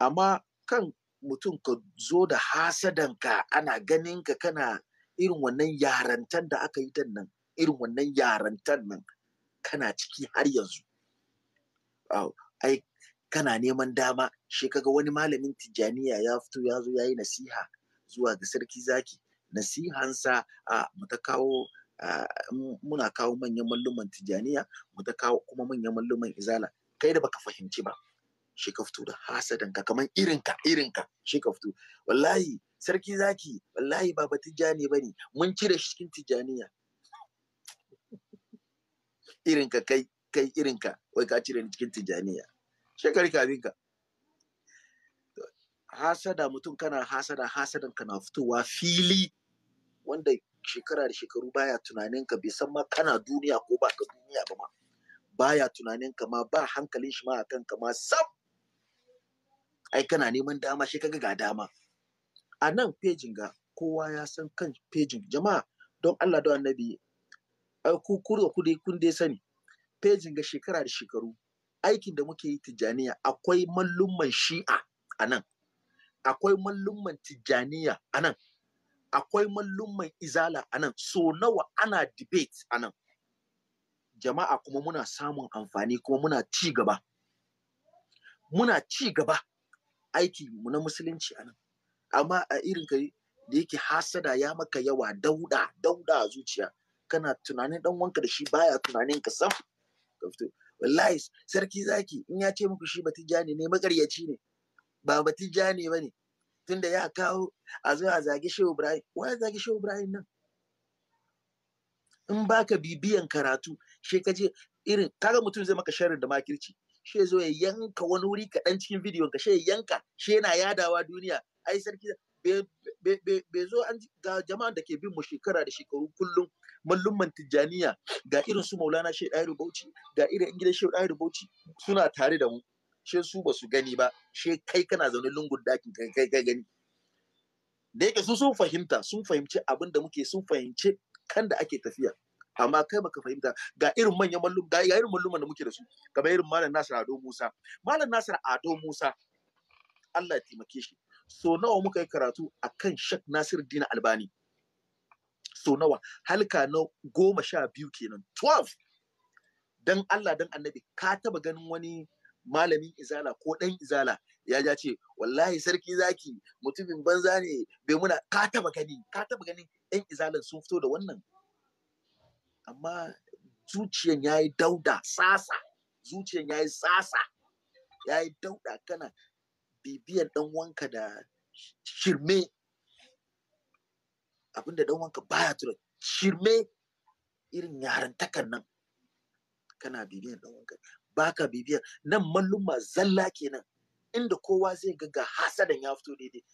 Speaker 1: amma kan mutum ka zo da hasadanka ana ganin ka kana irin wannan yarantar da aka yi nan irin wannan yarantar nan kana ciki har yanzu ai kana neman dama shi kaga wani malamin tijjaniya ya fito ya zo ya yi nasiha zuwa ga sarki zaki nasihansa a mu ta kawo muna kawo manyan malluman tijjaniya mu kawo kuma manyan malluman izala kai da baka fahimci ba shi ka fito da hasadan ka irinka irinka shi ka fito wallahi sarki zaki wallahi ba ba tijjani ne, mun cire shi cikin tijjaniya irin ka kai kai irin wai ka cire ni cikin tijaniya shekari ka ka hasada mutum kana hasada hasadan kana fitowa fili wanda shekara da shekaru baya tunanin ka bai san ma kana duniya ko ba duniya ba ma baya tunanin ka ma ba hankalin shi ma akan ka ma sam ai kana neman dama shi kaga ga dama a nan pejin ga kowa ya san kan pejin jama'a don Allah da annabi ku kurwa ku dai kun dai sani pejin ga shekara da shekaru aikin da muke yi tijjaniya akwai mallumman shi'a a nan akwai mallumman tijjaniya a nan akwai mallumman izala a nan so nawa ana debate a nan jama'a kuma muna samun amfani kuma muna ci gaba muna ci gaba aiki mu na musulunci a nan amma a irin kai da yake hasada ya maka yawa dauda dauda zuciya kana tunanin dan wanka da shi baya tunanin ka sam ka wallahi sarki zaki in ya ce muku shi batijani ne makaryaci ne ba batijani ba ne tunda ya kawo a zo a zagi shehu ibrahim wa zagi shehu ibrahim nan in baka bibiyan karatu she ka irin kaga mutum zai maka sharri da makirci she zo ya yanka wani wuri kaɗan cikin bidiyon ka she ya yanka She yana yadawa duniya ai sarki bai zo an ga jama'an da ke bin mu shekara da shekaru kullum mallumman tijjaniya ga irin su maulana shehu ɗaya bauchi ga irin ingila shehu ɗaya bauchi suna tare da mu she su ba su gani ba she kai kana zaune lungun dakin kai kai kai gani da yake su sun fahimta sun fahimci abin da muke sun fahimci kan da ake tafiya amma kai baka fahimta ga irin manyan mallum ga irin mallumman da muke da su kamar irin malam Nasir Ado Musa malam Nasir Ado Musa Allah ya taimake shi so nawa muka yi karatu a kan shak nasir dina albani so nawa halka na goma sha biyu kenan 12 dan allah dan annabi ka taba ganin wani malamin izala ko dan izala ya ja ce wallahi sarki zaki mutumin banza ne bai muna ka taba gani ka taba ganin yan izalan sun fito da wannan amma zuciyan ya yi dauda sasa zuciyan ya yi sasa ya yi dauda kana bibiyan dan wanka da shirme abinda dan wanka baya tura shirme irin yarantakan nan kana bibiyan dan wanka baka bibiyan nan malluma zalla kenan inda kowa zai ga ga hasadan ya fito daidai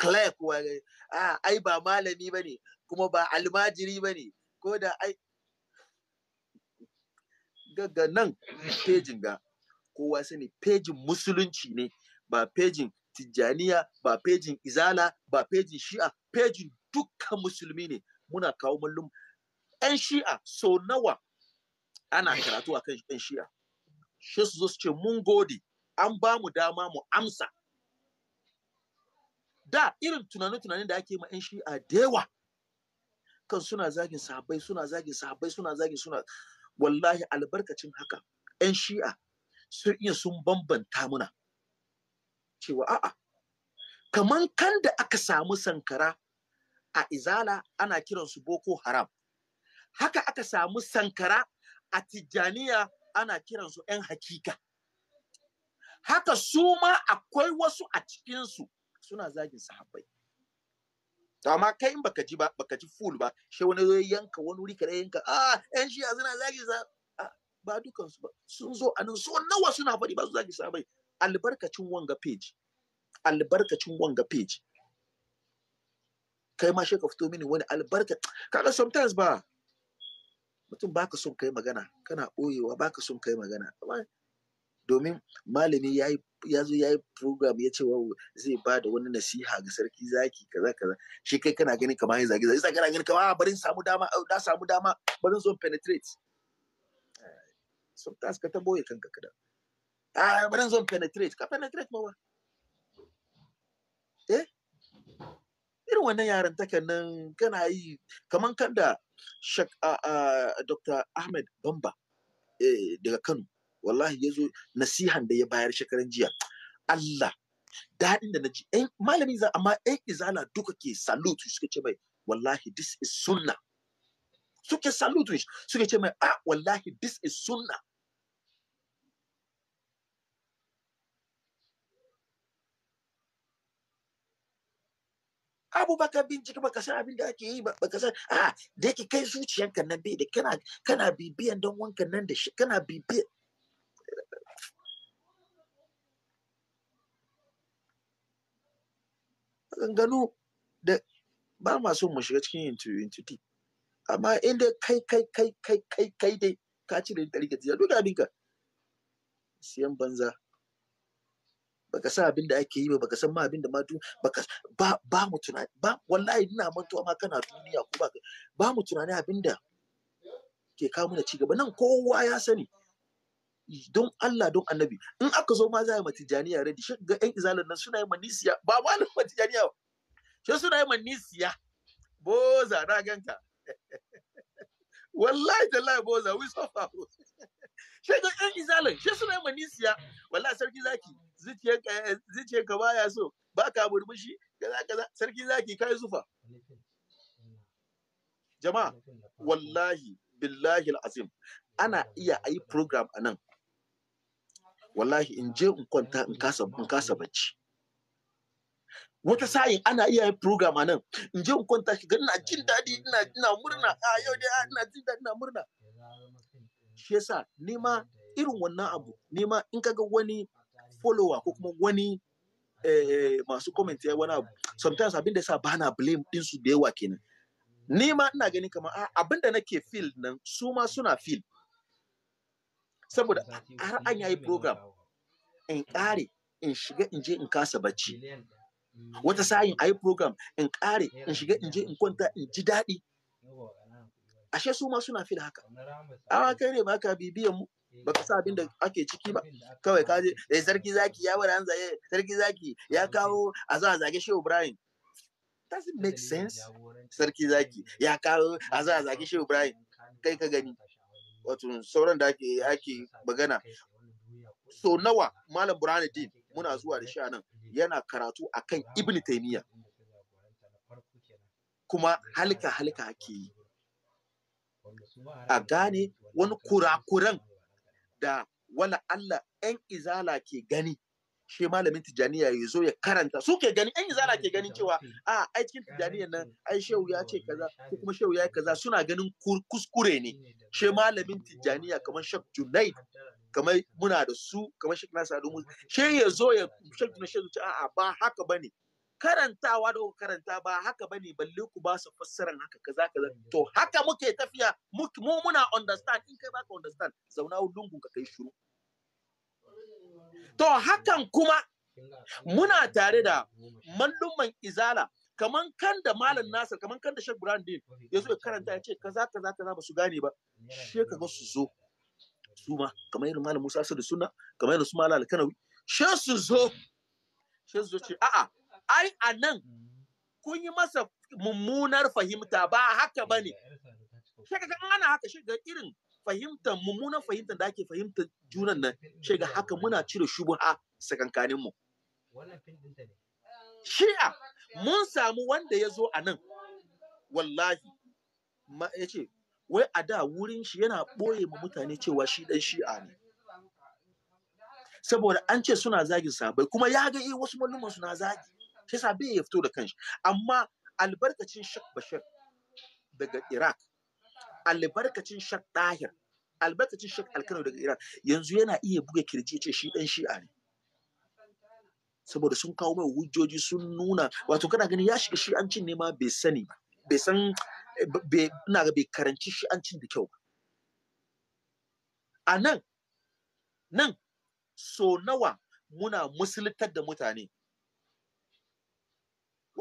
Speaker 1: clear kowa ga a ai ba malami bane kuma ba almajiri bane ko da ai gaga nan pejin ga kowa sani pejin musulunci ne ba fejin tijjaniya ba fejin izala ba fejin shi'a fejin dukkan musulmi ne muna kawo mallum ɗan shi'a so nawa ana karatu akan ɗan shi'a shi su su ce mun gode an ba mu dama mu amsa da irin tunanin-tunanin da ake ma yan shi'a da yawa kan suna zagin sahabbai suna zagin sahabbai suna zagin suna wallahi albarkacin haka yan shi'a sun iya sun bambanta muna cewa a'a kaman kan da aka samu sankara a izala ana kiransu boko haram haka aka samu sankara a tijjaniya ana kiransu 'yan hakika haka su ma akwai wasu a cikinsu suna zagin sahabbai amma kai in baka ji ba baka ji full ba shi wani zo yanka wani wuri kare yanka ah yan shi'a suna zagin sa ba dukansu ba sun zo anan so nawa suna faɗi ba su zagin sahabbai albarkacin wanga page albarkacin wanga page kai ma ka fito mini wani albarka kaga sometimes ba mutum baka son kai magana kana ɓoyewa baka son kai magana domin malami ya zo ya yi program ya ce zai ba da wani nasiha ga sarki zaki kaza kaza shi kai kana gani kamar yin zage zage kana gani kamar ah, barin samu dama na samu dama barin zo penetrate sometimes ka ta boye kanka kadan a ah, bari zan penetrate ka penetrate mawa eh irin wannan yaran takan nan kana yi kaman kan da shak dr ahmed bamba eh, daga kano wallahi ya zo nasihan da ya bayar shekaran jiya allah daɗin da na ji eh, malami za amma yan izala duka ke salutu suka ce mai wallahi this is sunna suke salutu suka ce mai ah wallahi this is sunna abubakar bin jiki baka san abin da ake yi ba baka san a da yake kai zuciyarka nan bai da kana kana bibiyan dan wankan nan da shi kana bibiyan gano da ba ma so mu shiga cikin into amma in dai kai kai kai kai kai kai dai ka cire dari ka tiya duk abin ka siyan banza baka san abin da ake yi ba baka san ma abin da ma baka ba ba mu tunani ba wallahi ina mantuwa ma kana duniya ko ba ba mu tunani abin da ke kawo mana ci gaba nan kowa ya sani don Allah don annabi in aka zo ma za a matijaniya ready shi ga yan izalan nan suna yi manisiya ba ba nan matijaniya ba shi suna yi manisiya boza na ganka (laughs) wallahi tallahi boza we suffer (laughs) shi ga yan izalan shi suna yi manisiya wallahi sarki zaki ka eh, baya so ba ka murmushi kaza kaza sarki zaki kai zufa jama'a wallahi billahi al'azim ana iya ayi program a nan wallahi in je in kwanta in kasa in kasa bacci wata sa'in ana iya yin program a nan in je in kwanta shiga ina jin daɗi ina ina murna a yau dai ina jin daɗi ina murna shi yasa nema irin wannan abu nema in kaga wani follower ko kuma wani eh, eh, masu comment ya wani abu sometimes abin da sa ba na blame din su da yawa kenan ni ma ina ganin kamar a, ah, abin da nake feel nan su ma suna feel saboda har an yayi program in kare in shiga in je in kasa bacci wata sa'in ayi program in kare in shiga in je in kwanta in ji daɗi ashe su ma suna feel haka A kai ne maka bibiyan mu ba ka sa abin da ake ciki ba kawai ka je eh sarki zaki ya bar an zaye eh, sarki zaki ya kawo a zo a zage Shehu Ibrahim doesn't make sense sarki zaki ya kawo a zo a zage Shehu Ibrahim kai ka gani wato sauran da ake ake magana so nawa malam Burhanuddin muna zuwa da shi nan yana karatu akan Ibn Taymiya? kuma halka halka ake yi a gane wani kurakuran da wala Allah ‘yan izala ke gani, shi malamin tijaniya ya zo ya karanta, su ke gani, ‘yan izala ke gani cewa, a ai cikin tijaniya nan, ai shehu ya ce kaza, ko kuma shehu ya yi kaza, suna ganin kuskure ne, shi malamin tijaniya kamar Shaf Junaid, kamar muna da su, kamar Shaf Nasa Adumu, shi ya zo ya Shaf Junaid, ce, ba haka ba ne, karantawa da karanta ba haka bane balle ku ba su fassaran haka kaza kaza to haka muke tafiya mu muna understand in kai baka understand zauna lungun ka kai shiru to hakan kuma muna tare da mallumman izala kaman kan da malam nasir kaman kan da shek brandin ya zo karanta ya ce kaza kaza kaza ba su gane ba she kaga su zo su ma kamar irin malam musa su da sunna kamar irin su malam alkanawi she su zo she su zo ce a'a ai a nan kun yi masa mummunar fahimta ba haka ba ne. Shaka kan ana haka shiga irin fahimtar mummunar fahimtar da ake fahimtar junan nan shiga haka muna cire shubuha sakankanin mu. Shi'a mun samu wanda ya zo a nan wallahi ya ce wai a da wurin shi yana ɓoye ma mutane cewa shi ɗan shi'a ne. Saboda an ce suna zagin sabai kuma ya ga eh, wasu malluman suna zagi. shi yasa bai ya fito da kanshi amma albarkacin shak bashir daga iraq albarkacin shak dahir albarkacin shak alkano daga iraq yanzu yana iya buga kirji ce shi dan shi'a ne saboda sun kawo mai hujjoji sun nuna wato kana gani ya shiga shi'ancin ne ma bai sani ba bai san ina ga bai karanci shi'ancin da kyau ba a nan nan so nawa muna musulutar da mutane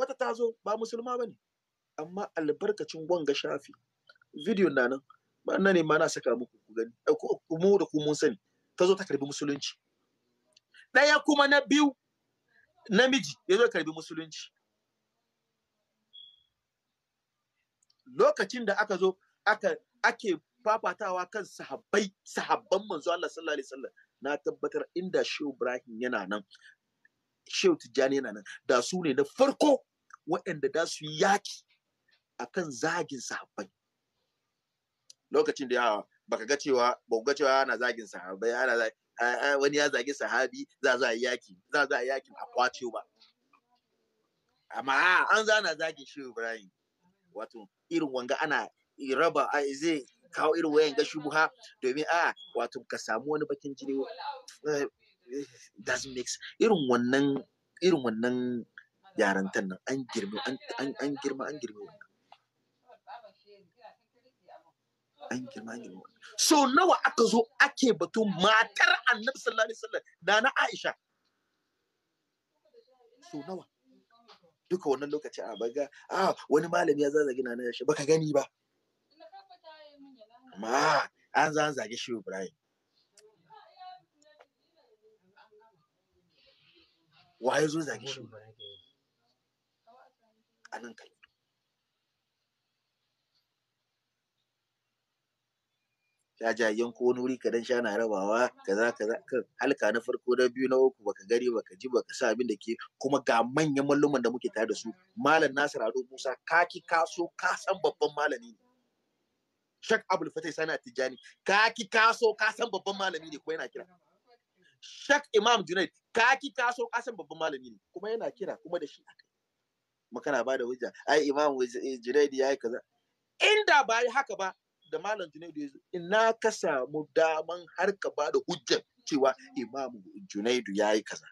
Speaker 1: wata ta zo ba musulma ba ne amma albarkacin gwanga shafi video na nan ba nan ne ma na saka muku ku gani eh, mu da ku mun sani ta zo ta karbi musulunci ɗaya kuma na biyu namiji ya zo karbi musulunci lokacin da aka zo aka ake fafatawa kan sahabbai sahabban manzo Allah sallallahu alaihi wasallam na tabbatar inda Shehu Ibrahim yana nan Shehu Tijjani yana nan da su ne na farko waɗanda da su yaki akan zagin sahabbai lokacin da ya baka ga cewa baka ga cewa ana zagin sahabbai ana wani ya zagi sahabi za za yaki za za yakin a kwace ba amma an zana zagin shi Ibrahim wato irin wanga ana raba zai kawo irin wayan gashi buha domin a wato ka samu wani bakin jini eh, eh, doesn't make irin wannan irin wannan yarantar nan an girma, an girma an girma wannan an girma an girma wannan so nawa aka zo ake batun matar annabi sallallahu alaihi wasallam na na Aisha so nawa duka wannan lokaci a baga a wani malami ya zazzage na na shi baka gani ba amma an za zage shi Ibrahim wa ya zo zage shi Ibrahim tsananta ka ja yanko wani wuri ka sha na rabawa kaza kaza kan halka na farko na biyu na uku baka gari baka ji baka sa abin da ke kuma ga manyan malluman da muke tare da su malam Nasir Ado Musa ka ki ka so ka san babban malami ne Shak Abdul Fatai Sana Tijani ka ki ka so ka san babban malami ne kuma yana kira Shak Imam Junaid ka ki ka so ka san babban malami ne kuma yana kira kuma da shi akai makana kana ba da hujja ai imam eh, junaidi ya yi kaza inda ba yi haka ba da malam junaidu ya ina ka samu daman har ka ba da hujjar cewa imam junaidu ya yi kaza